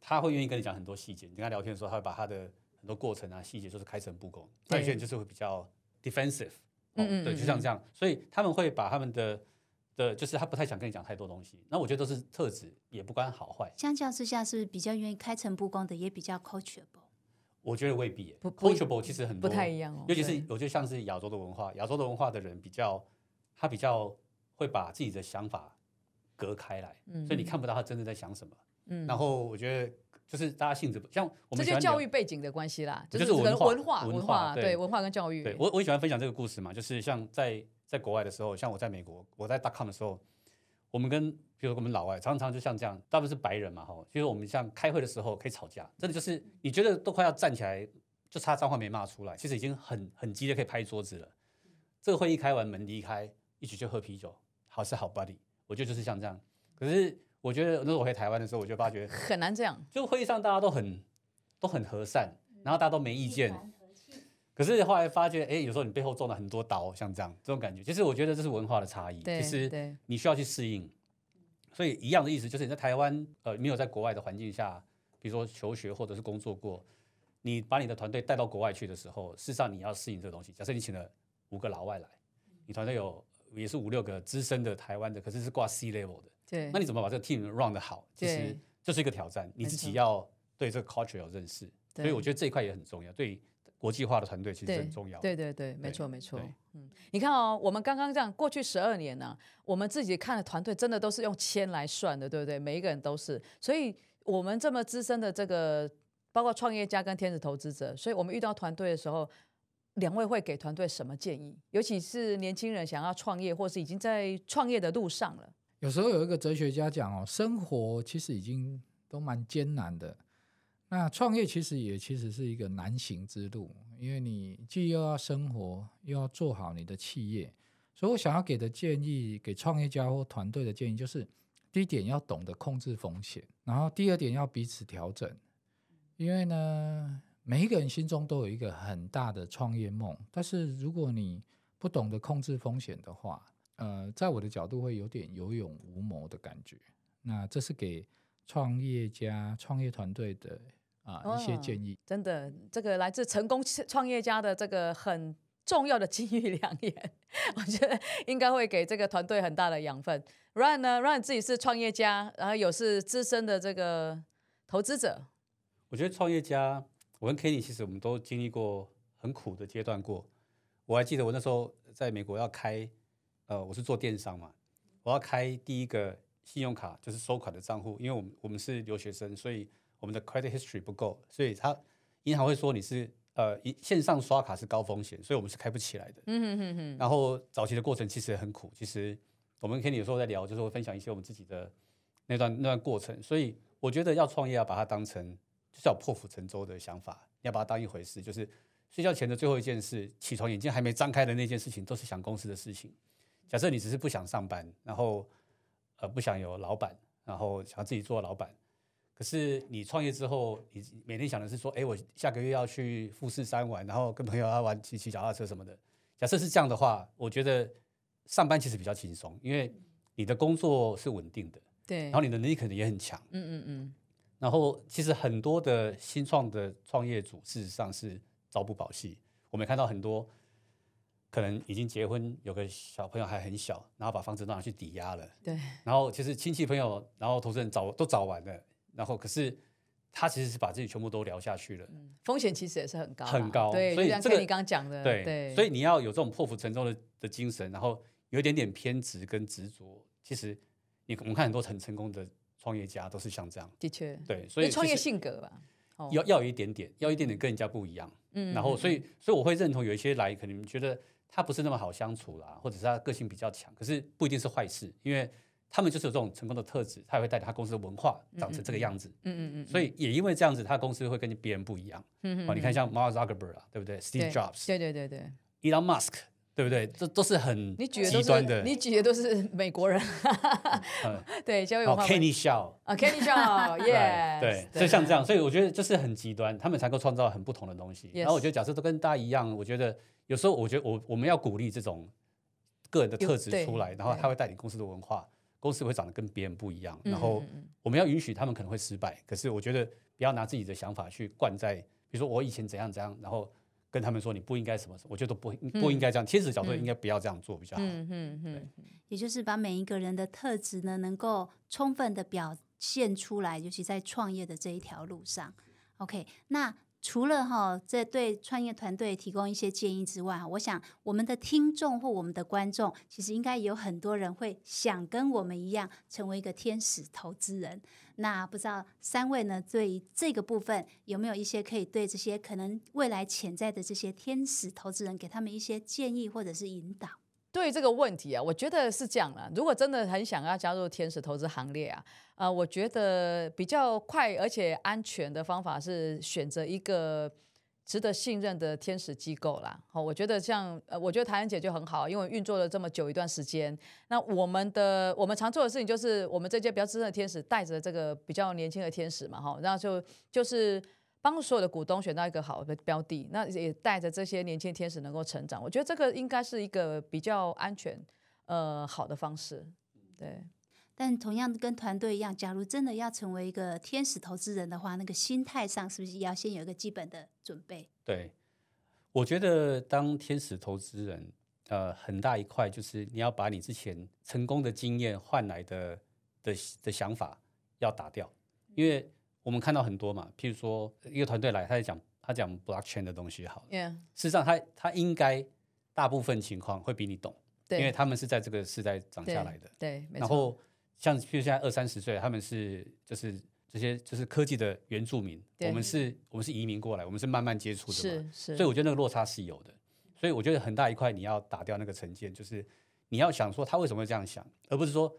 他會願意跟你講很多細節，你跟他聊天的時候，他會把他的很多過程啊細節就是開誠布公，再一個就是會比較 defensive，對，就像這樣，所以他們會把他們的。就是他不太想跟你講太多東西。那我覺得都是特質，也不管好壞。相較之下，是不是比較願意開誠布公的，也比較 coachable？我覺得未必。coachable 其實很不太一樣哦。尤其是我覺得像是亞洲的文化，亞洲的文化的人比較，他比較會把自己的想法隔開來，所以你看不到他真的在想什麼。嗯。然後我覺得就是大家性質像，我們這些教育背景的關係啦，就是文化文化對文化跟教育。對我我喜歡分享這個故事嘛，就是像在。在國外的時候，像我在美國，我在 .com 的時候，我們跟，比如說我們老外，常常就像這樣，大部分是白人嘛，哈，其實我們像開會的時候可以吵架，真的就是你覺得都快要站起來，就差髒話沒罵出來，其實已經很很激烈，可以拍桌子了。這個會議開完門離開，一起去喝啤酒，好，是好 buddy。我覺得就是像這樣。可是我覺得，那我回台灣的時候，我就發覺很難這樣，就會議上大家都很都很和善，然後大家都沒意見。可是後來發覺，哎，有時候你背後中了很多刀，像這樣這種感覺，其實我覺得這是文化的差異。對，其實你需要去適應。所以一樣的意思，就是你在台灣呃沒有在國外的環境下，比如說求學或者是工作過，你把你的團隊帶到國外去的時候，事實上你要適應這個東西。假設你請了五個老外來，你團隊有也是五六個資深的台灣的，可是是掛 C level 的，對，那你怎麼把這個 team run 得好？其實這是一個挑戰，你自己要對這個 culture 有認識。沒錯。所以我覺得這一塊也很重要。對。國際化的團隊其實很重要的對。對對對，沒錯對沒錯。對嗯，你看哦，我們剛剛這樣過去十二年呢、啊，我們自己看的團隊真的都是用千來算的，對不對？每一個人都是。所以，我們這麼資深的這個，包括創業家跟天使投資者，所以我們遇到團隊的時候，兩位會給團隊什麼建議？尤其是年輕人想要創業，或是已經在創業的路上了。有時候有一個哲學家講哦，生活其實已經都蠻艱難的。那創業其實也其實是一個難行之路，因為你既又要生活，又要做好你的企業。所以我想要給的建議，給創業家或團隊的建議就是：第一點要懂得控制風險，然後第二點要彼此調整。因為呢，每一個人心中都有一個很大的創業夢，但是如果你不懂得控制風險的話，呃，在我的角度會有點有勇無謀的感覺。那這是給創業家、創業團隊的。啊，一些建議、哦，真的，這個來自成功創業家的這個很重要的金玉良言，我覺得應該會給這個團隊很大的養分。Ryan 呢，Ryan 自己是創業家，然後又是資深的這個投資者。我覺得創業家，我跟 Kenny 其實我們都經歷過很苦的階段過。我還記得我那時候在美國要開，呃，我是做電商嘛，我要開第一個信用卡就是收款的賬戶，因為我們我們是留學生，所以。我們的 credit history 不夠，所以他銀行會說，你是呃，線上刷卡是高風險，所以我們是開不起來的。嗯哼哼哼。然後早期的過程其實很苦，其實我們跟你有時候在聊，就是會分享一些我們自己的那段那段過程。所以我覺得要創業，要把它當成就是要破釜沉舟的想法，要把它當一回事。就是睡覺前的最後一件事，起床眼睛還沒張開的那件事情，都是想公司的事情。假設你只是不想上班，然後呃不想有老板，然後想要自己做老板，可是你創業之後，你每天想的是說，哎、欸，我下個月要去富士山玩，然後跟朋友啊玩騎騎腳踏車什麼的。假設是這樣的話，我覺得上班其實比較輕鬆，因為你的工作是穩定的，對。然後你的能力可能也很強，嗯嗯嗯。然後其實很多的新創的創業主，事實上是朝不保夕。我們看到很多可能已經結婚，有個小朋友還很小，然後把房子都拿去抵押了，對。然後其實親戚朋友，然後投資人找都找完了。然後，可是他其實是把自己全部都聊下去了，嗯、風險其實也是很高，很高。對所以這個你剛講的，對，對，所以你要有這種破釜沉舟的的精神，然後有一點點偏執跟執着。其實你我們看很多很成功的創業家都是像這樣的，的確，對，所以創業性格吧，要要有一點點，要一點點跟人家不一樣。嗯、然後所以所以我會認同有一些來，可能覺得他不是那麼好相處啦，或者是他個性比較強，可是不一定是壞事，因為。他們就是有這種成功的特質，他也會帶領他公司的文化長成這個樣子。嗯嗯嗯，所以也因為這樣子，他公司會跟別人不一樣。嗯嗯。哦，你看像 Mark Zuckerberg 啊，對不對？Steve Jobs，對對對對。Elon Musk，對不對？都都是很極端的，你舉的都是，你舉的都是美國人。嗯，對，企業文化。哦，Kenny Shaw，Kenny Shaw，耶，對，所以像這樣，所以我覺得就是很極端，他們才能夠創造很不同的東西。然後我覺得，假設都跟大家一樣，我覺得有時候我覺得我我們要鼓勵這種個人的特質出來，然後他會帶領公司的文化。公司會長得跟別人不一樣，然後我們要允許他們可能會失敗。嗯、可是我覺得不要拿自己的想法去灌在，比如說我以前怎樣怎樣，然後跟他們說你不應該什麼什麼，我覺得不、嗯、不應該這樣。天使的角度應該不要這樣做比較好。嗯對也就是把每一個人的特質呢，能夠充分的表現出來，尤其在創業的這一條路上。OK，那。除了哈，這對創業團隊提供一些建議之外，我想我們的聽眾或我們的觀眾，其實應該有很多人會想跟我們一樣，成為一個天使投資人。那不知道三位呢，對於這個部分有沒有一些可以對這些可能未來潛在的這些天使投資人，給他們一些建議或者是引導？對於這個問題啊，我覺得是這樣啦。如果真的很想要加入天使投資行列啊，呃，我覺得比較快而且安全的方法是選擇一個值得信任的天使機構啦。哦、我覺得像呃，我覺得台安傑就很好，因為運作了這麼久一段時間，那我們的我們常做的事情就是，我們這些比較資深的天使帶着這個比較年輕的天使嘛，哈、哦，然後就就是。幫所有的股東選到一個好的標的，那也帶着這些年輕天使能夠成長。我覺得這個應該是一個比較安全、呃，好的方式。對。但同樣跟團隊一樣，假如真的要成為一個天使投資人的話，那個心態上是不是也要先有一個基本的準備？對，我覺得當天使投資人，呃，很大一塊就是你要把你之前成功的經驗換來的的的、的想法要打掉，因為、嗯。我們看到很多嘛，譬如說一個團隊來，他在講他講 blockchain 的東西好了，Yeah. 事實上他他應該大部分情況會比你懂，對因為他們是在這個時代長下來的。對，對，然後像譬如現在二三十歲，他們是就是這些就是科技的原住民，對我們是我們是移民過來，我們是慢慢接觸的嘛，是是，所以我覺得那個落差是有的。所以我覺得很大一塊你要打掉那個成見，就是你要想說他為什麼會這樣想，而不是說。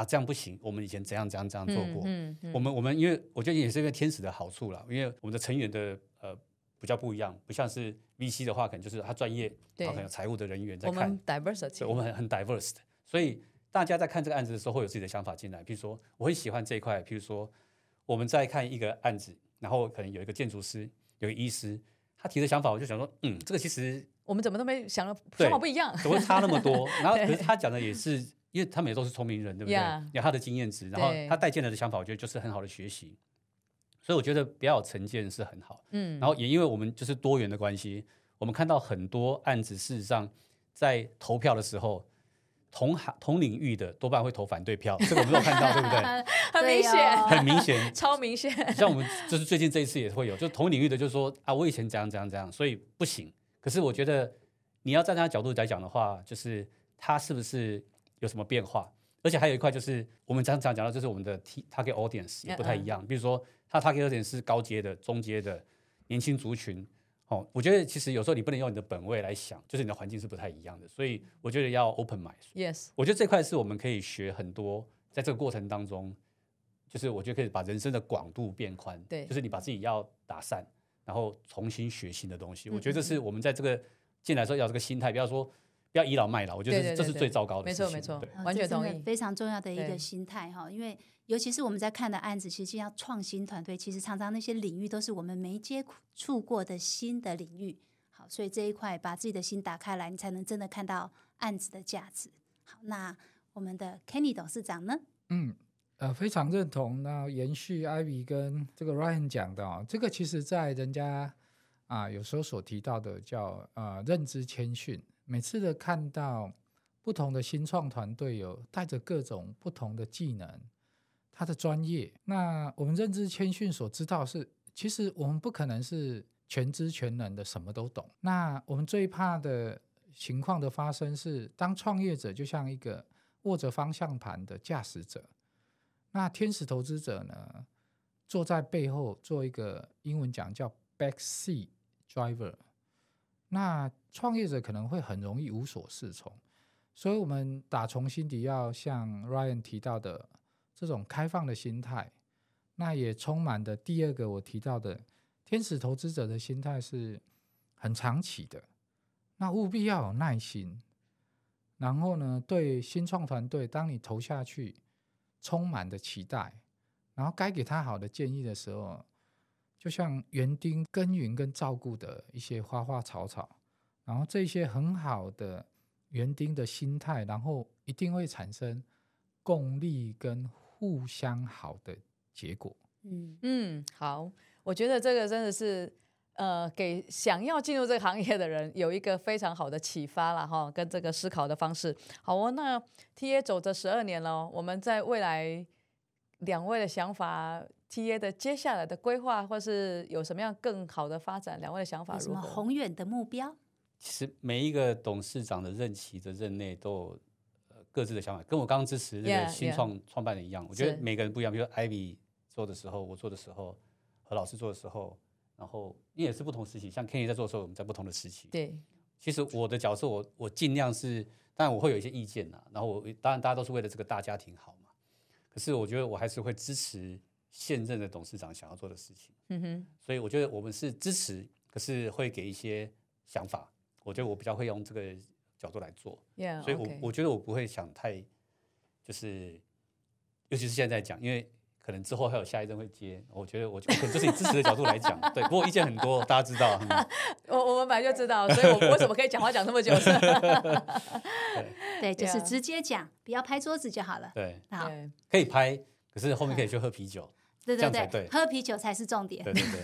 啊，這樣不行。我們以前怎樣怎樣怎樣做過。嗯嗯嗯、我們我們因為我覺得也是一個天使的好處了，因為我們的成員的呃比較不一樣，不像是 VC 的話，可能就是他專業，他對、啊、可能有財務的人員在看。我們 diversity，我們很很 diverse，所以大家在看這個案子的時候，會有自己的想法進來。比如說我很喜歡這一塊。比如說我們在看一個案子，然後可能有一個建築師，有一個醫師，他提的想法，我就想說，嗯，這個其實我們怎麼都沒想到，想法不一樣，怎麼差那麼多？然後可是他講的也是。因為他們也都是聰明人，對不對？然後 Yeah. 他的經驗值，對然後他帶進來的想法，我覺得就是很好的學習。所以我覺得不要有成見是很好。嗯，然後也因為我們就是多元的關係，我們看到很多案子，事實上在投票的時候，同行同領域的多半會投反對票， 這個我們都有看到， 對不對？很明顯，很明顯， 超明顯。像我們就是最近這一次也會有，就同領域的就是說啊，我以前怎樣怎樣怎樣，所以不行。可是我覺得你要站在他角度來講的話，就是他是不是？有什麼變化？而且還有一塊就是我們常常講到，就是我們的 Target Audience 也不太一樣。Yeah, uh, 比如說，他 target audience 是高階的、中階的年輕族群。哦，我覺得其實有時候你不能用你的本位來想，就是你的環境是不太一樣的。所以我覺得要 Open Mind。Yes，我覺得這塊是我們可以學很多，在這個過程當中，就是我覺得可以把人生的廣度變寬。對，就是你把自己要打散，然後重新學新的東西。我覺得這是我們在這個進來的時候要有這個心態。比方說。不要倚老賣老，我覺得這是最糟糕的。對對對對。沒錯，沒錯，完全同意。哦、的非常重要的一個心態哈，因為尤其是我們在看的案子，對其實要創新團隊，其實常常那些領域都是我們沒接觸過的新的領域。好，所以這一塊把自己的心打開來，你才能真的看到案子的價值。好，那我們的 Kenny 董事長呢？嗯，呃，非常認同。那延續 Ivy 跟這個 Ryan 講的，這個其實在人家啊、呃、有時候所提到的叫啊、呃，認知謙遜。每次的看到不同的新創團隊有帶着各種不同的技能，他的專業。那我們認知謙遜所知道是，其實我們不可能是全知全能的，什麼都懂。那我們最怕的情況的發生是，當創業者就像一個握着方向盤的駕駛者，那天使投資者呢，坐在背後做一個英文講叫 backseat driver。那創業者可能會很容易無所適從，所以我們打從心底要像 Ryan 提到的這種開放的心態，那也充滿的第二個我提到的天使投資者的心態是很長期的，那務必要有耐心，然後呢，對新創團隊，當你投下去，充滿的期待，然後該給他好的建議的時候。就像園丁耕耘跟照顧的一些花花草草，然後這些很好的園丁的心態，然後一定會產生共利跟互相好的結果。嗯好，我覺得這個真的是呃，給想要進入這個行業的人有一個非常好的啟發了哈，跟這個思考的方式。好哦，那 TA 走這十二年了，我們在未來兩位的想法，企業的接下來的規劃，或是有什麼樣更好的發展，兩位的想法什麼宏遠的目標？其實每一個董事長的任期的任內都有各自的想法，跟我剛剛支持那個新創創 Yeah, yeah. 辦人一樣。我覺得每個人不一樣，是比如說 Ivy 做的時候，我做的時候，和老師做的時候，然後你也是不同時期。像 Kenny 在做的時候，我們在不同的時期。對，其實我的角色我，我我盡量是，當然我會有一些意見吶。然後我當然大家都是為了這個大家庭好嘛。可是我覺得我還是會支持現任的董事長想要做的事情，嗯哼，所以我覺得我們是支持，可是會給一些想法。我覺得我比較會用這個角度來做，所以，我我覺得我不會想太，就是，尤其是現在講，因為可能之後還有下一任會接，我覺得我就就是以支持的角度來講，對。不過意見很多，大家知道，我我們本來就知道，所以我我怎麼可以講話講那麼久？對，就是直接講，不要拍桌子就好了。對，好，可以拍，可是後面可以去喝啤酒。對對對，對，喝啤酒才是重點。對對對，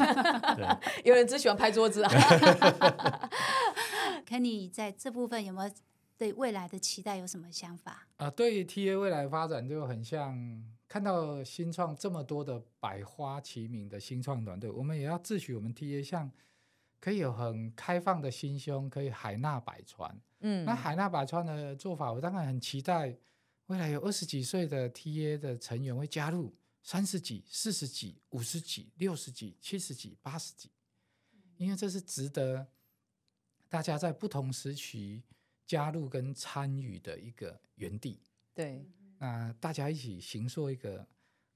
對 有人只喜歡拍桌子啊。 看你在這部分有沒有對未來的期待？有什麼想法？啊、呃，對 T A 未來發展，就很像看到新創這麼多的百花齊鳴的新創團隊，我們也要自詡我們 T A 像可以有很開放的心胸，可以海納百川。嗯，那海納百川的做法，我當然很期待未來有二十幾歲的 T A 的成員會加入。三十幾、四十幾、五十幾、六十幾、七十幾、八十幾，因為這是值得大家在不同時期加入跟參與的一個園地。對，那大家一起形塑一個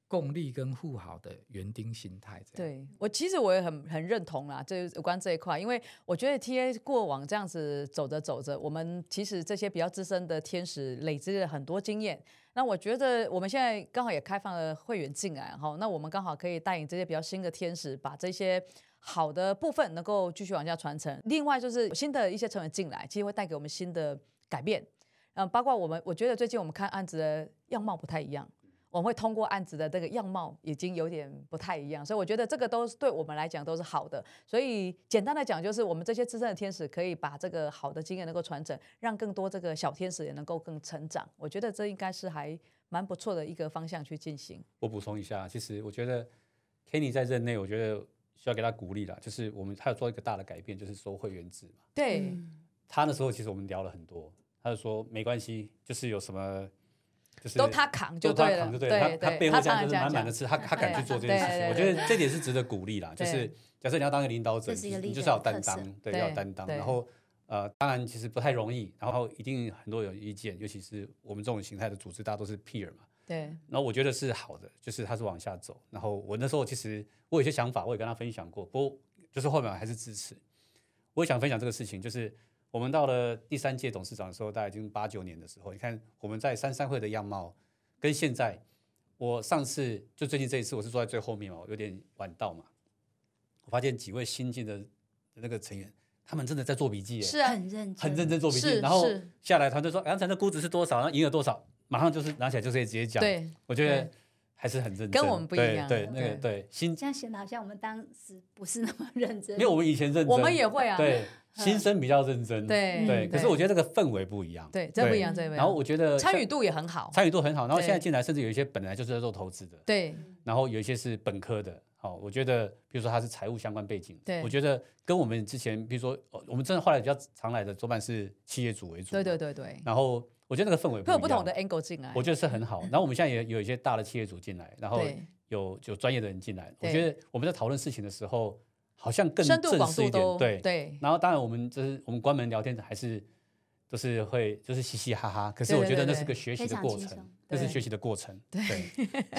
共利跟互好的園丁心態這樣。對，我其實我也很很認同啦，這有關這一塊，因為我覺得 TA 過往這樣子走着走着，我們其實這些比較資深的天使累積了很多經驗。那我覺得我們現在剛好也開放了會員進來，哈，那我們剛好可以帶領這些比較新的天使，把這些好的部分能夠繼續往下傳承。另外就是新的一些成員進來，其實會帶給我們新的改變，嗯，包括我們，我覺得最近我們看案子的樣貌不太一樣。我們會通過案子的這個樣貌，已經有點不太一樣，所以我覺得這個都是對我們來講都是好的。所以簡單的講，就是我們這些資深的天使可以把這個好的經驗能夠傳承，讓更多這個小天使也能夠更成長。我覺得這應該是還蠻不錯的一個方向去進行。我補充一下，其實我覺得 Kenny 在任內，我覺得需要給他鼓勵了，就是我們他要做一個大的改變，就是收會員制嘛。對他那時候，其實我們聊了很多，他就說沒關係，就是有什麼。就是、都他扛，就對了。他扛就對了，對，他他背後這樣就是滿滿的吃，他常常他，他敢去做這件事情，對對對對對，我覺得這點是值得鼓勵啦。對就是假設你要當一個領導者，對你就是要擔當，對，要擔當。然後呃，當然其實不太容易，然後一定很多有意見，尤其是我們這種形態的組織，大家都是 peer 嘛。對。然後我覺得是好的，就是他是往下走。然後我那時候其實我有些想法，我也跟他分享過。不過就是後面還是支持。我也想分享這個事情，就是。我們到了第三屆董事長的時候，大概已經八九年的時候。你看我們在三三會的樣貌，跟現在，我上次就最近這一次，我是坐在最後面嘛，有點晚到嘛。我發現幾位新進的那個成員，他們真的在做筆記耶，是、啊、很認真，很認真做筆記。然後下來團隊說、哎，剛才的估值是多少，然後贏了多少，馬上就是拿起來就可以直接講。對，我覺得。還是很認真，跟我們不一樣。對，那個對，新，像現在好像我們當時不是那麼認真。因為我們以前認真，我們也會啊。對，新生比較認真。對對。可是我覺得這個氛圍不一樣。對，真不一樣，真不一樣。然後我覺得參與度也很好，參與度很好。然後現在進來，甚至有一些本來就是在做投資的。對。然後有一些是本科的，好，我覺得，比如說他是財務相關背景，對，我覺得跟我們之前，比如說我們真的後來比較常來的，多半是企業主為主。對對對對。然後。我覺得那個氛圍有不同的 angle 進來，我覺得是很好。然後我們現在也有一些大的企業主進來，然後有有專業的人進來。我覺得我們在討論事情的時候，好像更正式一點。對對。然後當然我們就是我們關門聊天還是就是會就是嘻嘻哈哈。可是我覺得那是個學習的過程，那是學習的過程。對，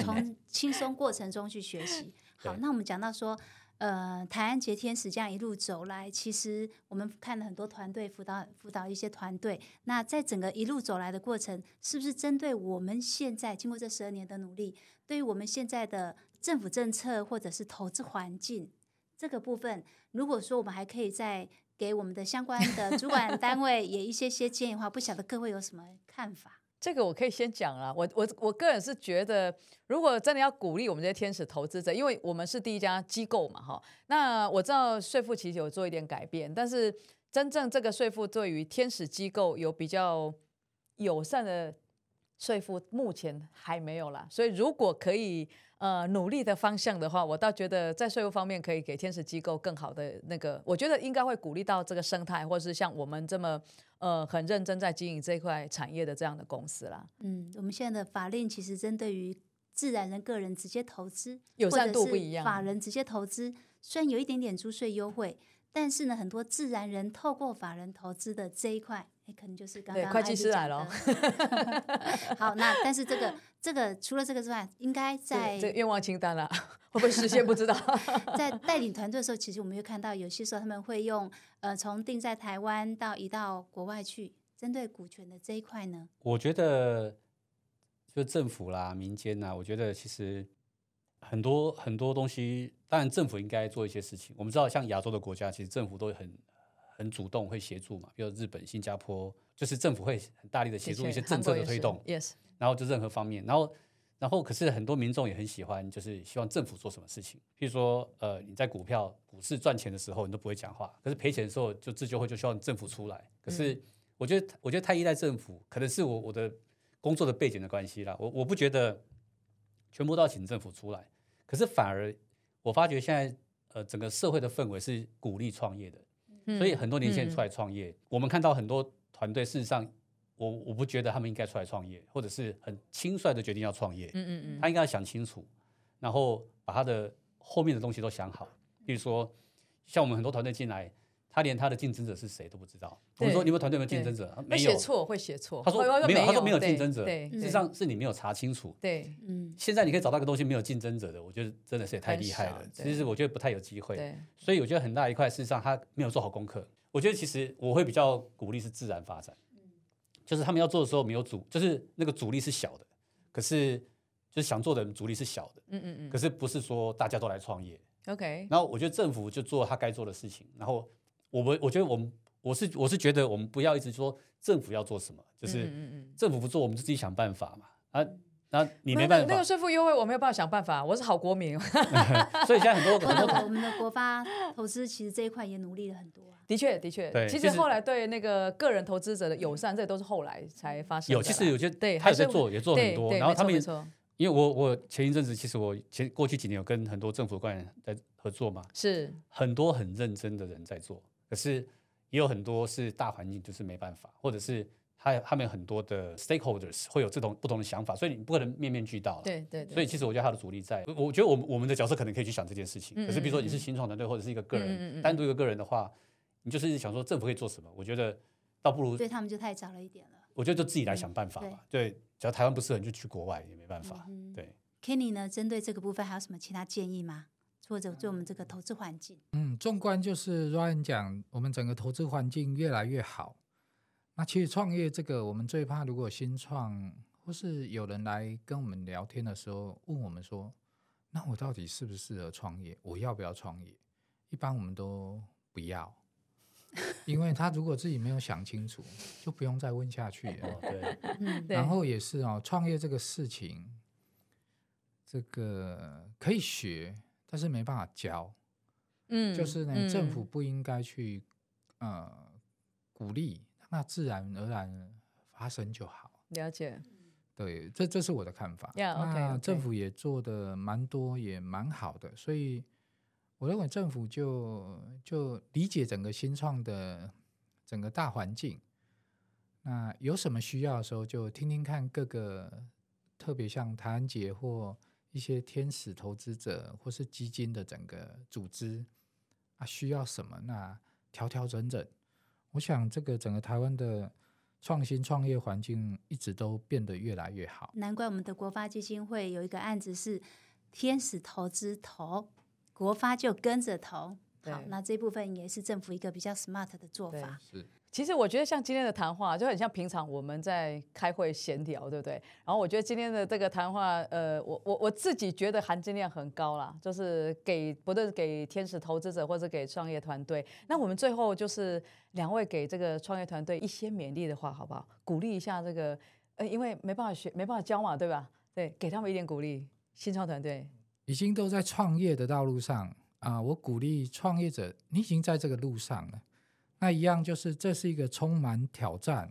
從輕鬆過程中去學習。好，那我們講到說。呃，台安傑天使這樣一路走來，其實我們看了很多團隊輔導輔導一些團隊。那在整個一路走來的過程，是不是針對我們現在經過這十二年的努力，對於我們現在的政府政策或者是投資環境這個部分，如果說我們還可以再給我們的相關的主管單位也一些些建議的話， 不曉得各位有什麼看法？這個我可以先講啦，我我我個人是覺得，如果真的要鼓勵我們這些天使投資者，因為我們是第一家機構嘛，哈，那我知道稅負其實有做一點改變，但是真正這個稅負對於天使機構有比較友善的稅負，目前還沒有啦。所以如果可以。呃，努力的方向的話，我倒覺得在稅務方面可以給天使機構更好的那個，我覺得應該會鼓勵到這個生態，或是像我們這麼呃很認真在經營這一塊產業的這樣的公司啦。嗯，我們現在的法令其實針對於自然人個人直接投資，友善度不一樣。或者是法人直接投資，雖然有一點點租稅優惠，但是呢，很多自然人透過法人投資的這一塊，誒，可能就是剛剛對會計師來咯。 好，那但是這個。這個除了這個之外，應該在願望清單了，啊， 會不會實現不知道。 在帶領團隊的時候，其實我們有看到有些時候他們會用呃，從定在台灣到移到國外去，針對股權的這一塊呢。我覺得就政府啦，民間啦，我覺得其實很多很多東西，當然政府應該做一些事情。我們知道，像亞洲的國家，其實政府都很很主動會協助嘛，比如日本、新加坡。就是政府會很大力的協助一些政策的推動，是然後就任何方面，然後然後可是很多民眾也很喜歡，就是希望政府做什麼事情，譬如說呃，你在股票股市賺錢的時候你都不會講話，可是賠錢的時候就自救會就希望政府出來。可是我覺得、嗯、我覺得太依賴政府，可能是我我的工作的背景的關係啦，我我不覺得全部都要請政府出來，可是反而我發覺現在呃整個社會的氛圍是鼓勵創業的，嗯、所以很多年輕人出來創業，嗯、我們看到很多。團隊事實上，我我不覺得他們應該出來創業，或者是很輕率的決定要創業。他應該要想清楚，然後把他的後面的東西都想好。比如說，像我們很多團隊進來，他連他的競爭者是誰都不知道。我們說，你們團隊有沒有競爭者？沒有錯，會寫錯。他說沒有，他說沒有競爭者。事實上是你沒有查清楚。現在你可以找到一個東西沒有競爭者的，我覺得真的是也太厲害了。其實我覺得不太有機會。所以我覺得很大一塊，事實上他沒有做好功課。我覺得其實我會比較鼓勵是自然發展，就是他們要做的時候沒有阻，就是那個阻力是小的，可是就是想做的人阻力是小的，可是不是說大家都來創業。嗯嗯嗯。然後我覺得政府就做他該做的事情，然後我們我覺得我們我是我是覺得我們不要一直說政府要做什麼，就是政府不做我們就自己想辦法嘛，啊。那你沒辦法沒有，那個稅負優惠我沒有辦法想辦法，我是好國民。 所以現在很多很多 我們的國發投資其實這一塊也努力了很多啊。的確，的確，對其實後來對那個個人投資者的友善，這都是後來才發生的。有，其實有些對，他也在做也做很多，然後他們也錯，錯因為我我前一陣子其實我前過去幾年有跟很多政府官員在合作嘛，是很多很認真的人在做，可是也有很多是大環境就是沒辦法，或者是。他他們有很多的 stakeholders，會有這種不同的想法，所以你不可能面面俱到了。對對。所以其實我覺得他的阻力在，我覺得我們我們的角色可能可以去想這件事情。嗯、可是比如說你是新創團隊或者是一個個人，嗯、單獨一個個人的話，你就是想說政府可以做什麼？我覺得倒不如。對他們就太早了一點了。我覺得就自己來想辦法吧。嗯、對，只要台灣不適合，你就去國外也沒辦法。嗯、對。Kenny 呢？針對這個部分還有什麼其他建議嗎？或者對我們這個投資環境？嗯，縱觀就是 Ryan 講，我們整個投資環境越來越好。其實創業這個，我們最怕，如果新創或是有人來跟我們聊天的時候問我們說：“那我到底適不適合創業？我要不要創業？”一般我們都不要，因為他如果自己沒有想清楚， 就不用再問下去哦。對，對然後也是啊、喔，創業這個事情，這個可以學，但是沒辦法教。嗯，就是呢，政府不應該去、嗯、呃鼓勵。那自然而然發生就好，了解。對，這這是我的看法。Yeah, okay, okay 那政府也做得蠻多，也蠻好的，所以我認為政府就就理解整個新創的整個大環境。那有什麼需要的時候，就聽聽看各個，特別像台安傑或一些天使投資者或是基金的整個組織啊，需要什麼，那調調整整。我想，這個整個台灣的創新創業環境一直都變得越來越好。難怪我們的國發基金會有一個案子是天使投資投國發，就跟着投。對好，那這部分也是政府一個比較 smart 的做法。是，其實我覺得像今天的談話，就很像平常我們在開會閒聊，對不對？然後我覺得今天的這個談話，呃，我我我自己覺得含金量很高啦，就是給，不是給天使投資者或者是給創業團隊。那我們最後就是兩位給這個創業團隊一些勉勵的話，好不好？鼓勵一下這個，呃、欸，因為沒辦法學，沒辦法教嘛，對吧？對，給他們一點鼓勵。新創團隊已經都在創業的道路上。啊、呃，我鼓勵創業者，你已經在這個路上了。那一樣就是，這是一個充滿挑戰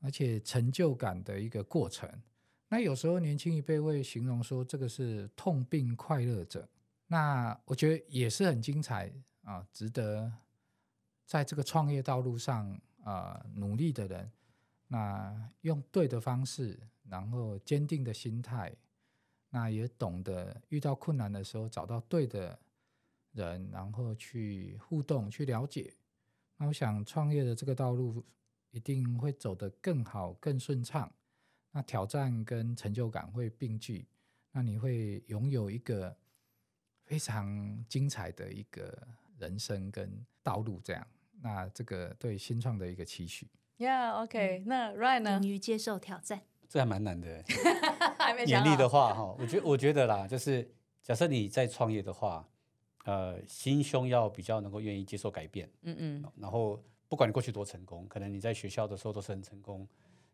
而且成就感的一個過程。那有時候年輕一輩會形容說，這個是“痛並快樂着”。那我覺得也是很精彩啊、呃，值得在這個創業道路上啊、呃、努力的人。那用對的方式，然後堅定的心態，那也懂得遇到困難的時候找到對的人，然後去互動、去了解。那我想創業的這個道路一定會走得更好、更順暢。那挑戰跟成就感會並聚，那你會擁有一個非常精彩的一個人生跟道路。這樣，那這個對新創的一個期許。Yeah, OK、嗯。那 Ryan 呢？勇於接受挑戰，這還蠻難的。 還沒講。嚴厲的話，哈，我覺得我覺得啦，就是假設你在創業的話。呃，心胸要比較能夠願意接受改變，嗯嗯，然後不管你過去多成功，可能你在學校的時候都是很成功，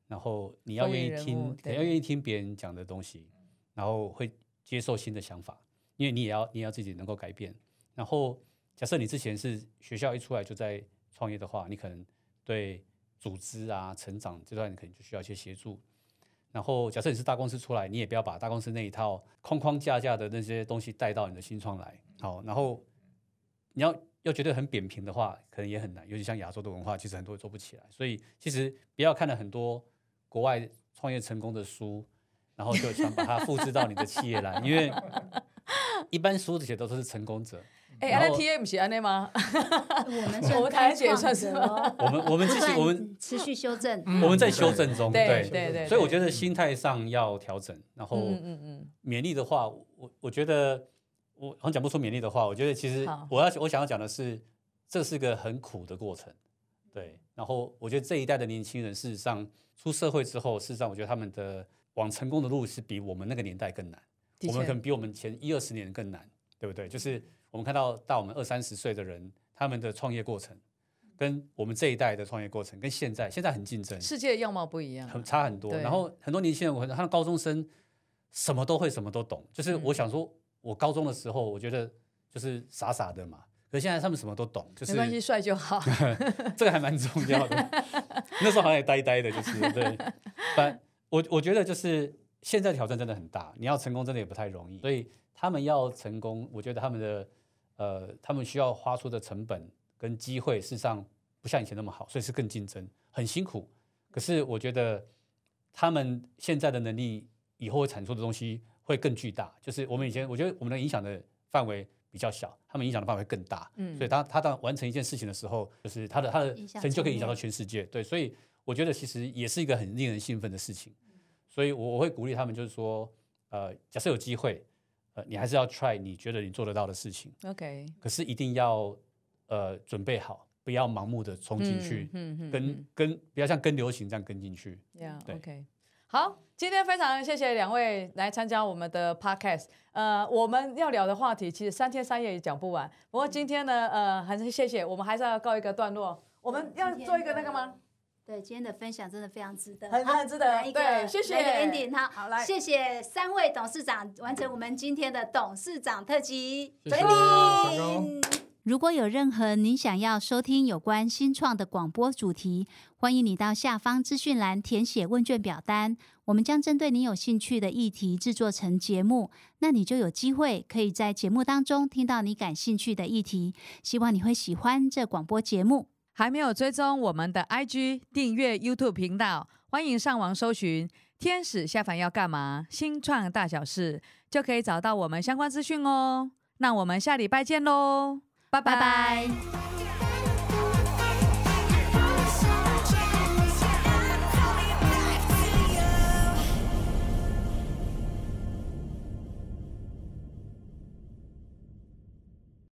然後你要願意聽，你要願意聽別人講的東西，然後會接受新的想法，因為你也要你也要自己能夠改變。然後假設你之前是學校一出來就在創業的話，你可能對組織啊、成長階段，你可能就需要一些協助。然後，假設你是大公司出來，你也不要把大公司那一套框框架架的那些東西帶到你的新創來。好，然後你要要覺得很扁平的話，可能也很難。尤其像亞洲的文化，其實很多也做不起來。所以，其實不要看了很多國外創業成功的書，然後就想把它複製到你的企業來， 因為。一般輸的些都是成功者。哎、嗯後欸、l T M 是安 N 嗎？我們頭台姐算什麼？我們我們繼續我們持續修正。我們在修正中，對對、嗯、對。所以我覺得心態上要調整。然後，嗯嗯嗯。勉勵的話，我我覺得我好像講不出勉勵的話。我覺得其實我要好我想要講的是，這是個很苦的過程。對。然後我覺得這一代的年輕人，事實上出社會之後，事實上我覺得他們的往成功的路是比我們那個年代更難。我們可能比我們前一二十年更難，對不對？就是我們看到大我們二三十歲的人，他們的創業過程，跟我們這一代的創業過程，跟現在現在很競爭，世界的樣貌不一樣，很差很多。對然後很多年輕人，我看他的高中生什麼都會，什麼都懂。就是我想說，我高中的時候，我覺得就是傻傻的嘛。可是現在他們什麼都懂，就是沒關係，帥就好， 這個還蠻重要的。 那時候好像也呆呆的，就是對，但我我覺得就是。現在的挑戰真的很大，你要成功真的也不太容易，所以他們要成功，我覺得他們的呃，他們需要花出的成本跟機會，事實上不像以前那麼好，所以是更競爭，很辛苦。可是我覺得他們現在的能力，以後會產出的東西會更巨大。就是我們以前，我覺得我們的影響的範圍比較小，他們影響的範圍更大。嗯，所以他他當完成一件事情的時候，就是他的他的成就可以影響到全世界。嗯，對，所以我覺得其實也是一個很令人興奮的事情。所以，我我會鼓勵他們，就是說，呃，假設有機會，呃，你還是要 try 你覺得你做得到的事情。OK。可是一定要，呃，準備好，不要盲目的衝進去，跟、嗯嗯嗯、跟，不要像跟流行這樣跟進去。Yeah, 對，OK。好，今天非常謝謝兩位來參加我們的 podcast。呃，我們要聊的話題其實三天三夜也講不完。不過今天呢，呃，還是謝謝，我們還是要告一個段落。我們要做一個那個嗎？對，今天的分享真的非常值得，很，好很值得哦。一個對，來一個謝謝好，好來謝謝三位董事長完成我們今天的董事長特輯，謝謝。級您如果有任何您想要收聽有關新創的廣播主題，歡迎你到下方資訊欄填寫問卷表單，我們將針對你有興趣的議題制作成節目，那你就有機會可以在節目當中聽到你感興趣的議題。希望你會喜歡這廣播節目。還沒有追蹤我們的 IG，訂閱 YouTube 頻道，歡迎上網搜尋“天使下凡要幹嘛”，新創大小事就可以找到我們相關資訊哦。那我們下禮拜見嘍，拜拜拜。拜拜。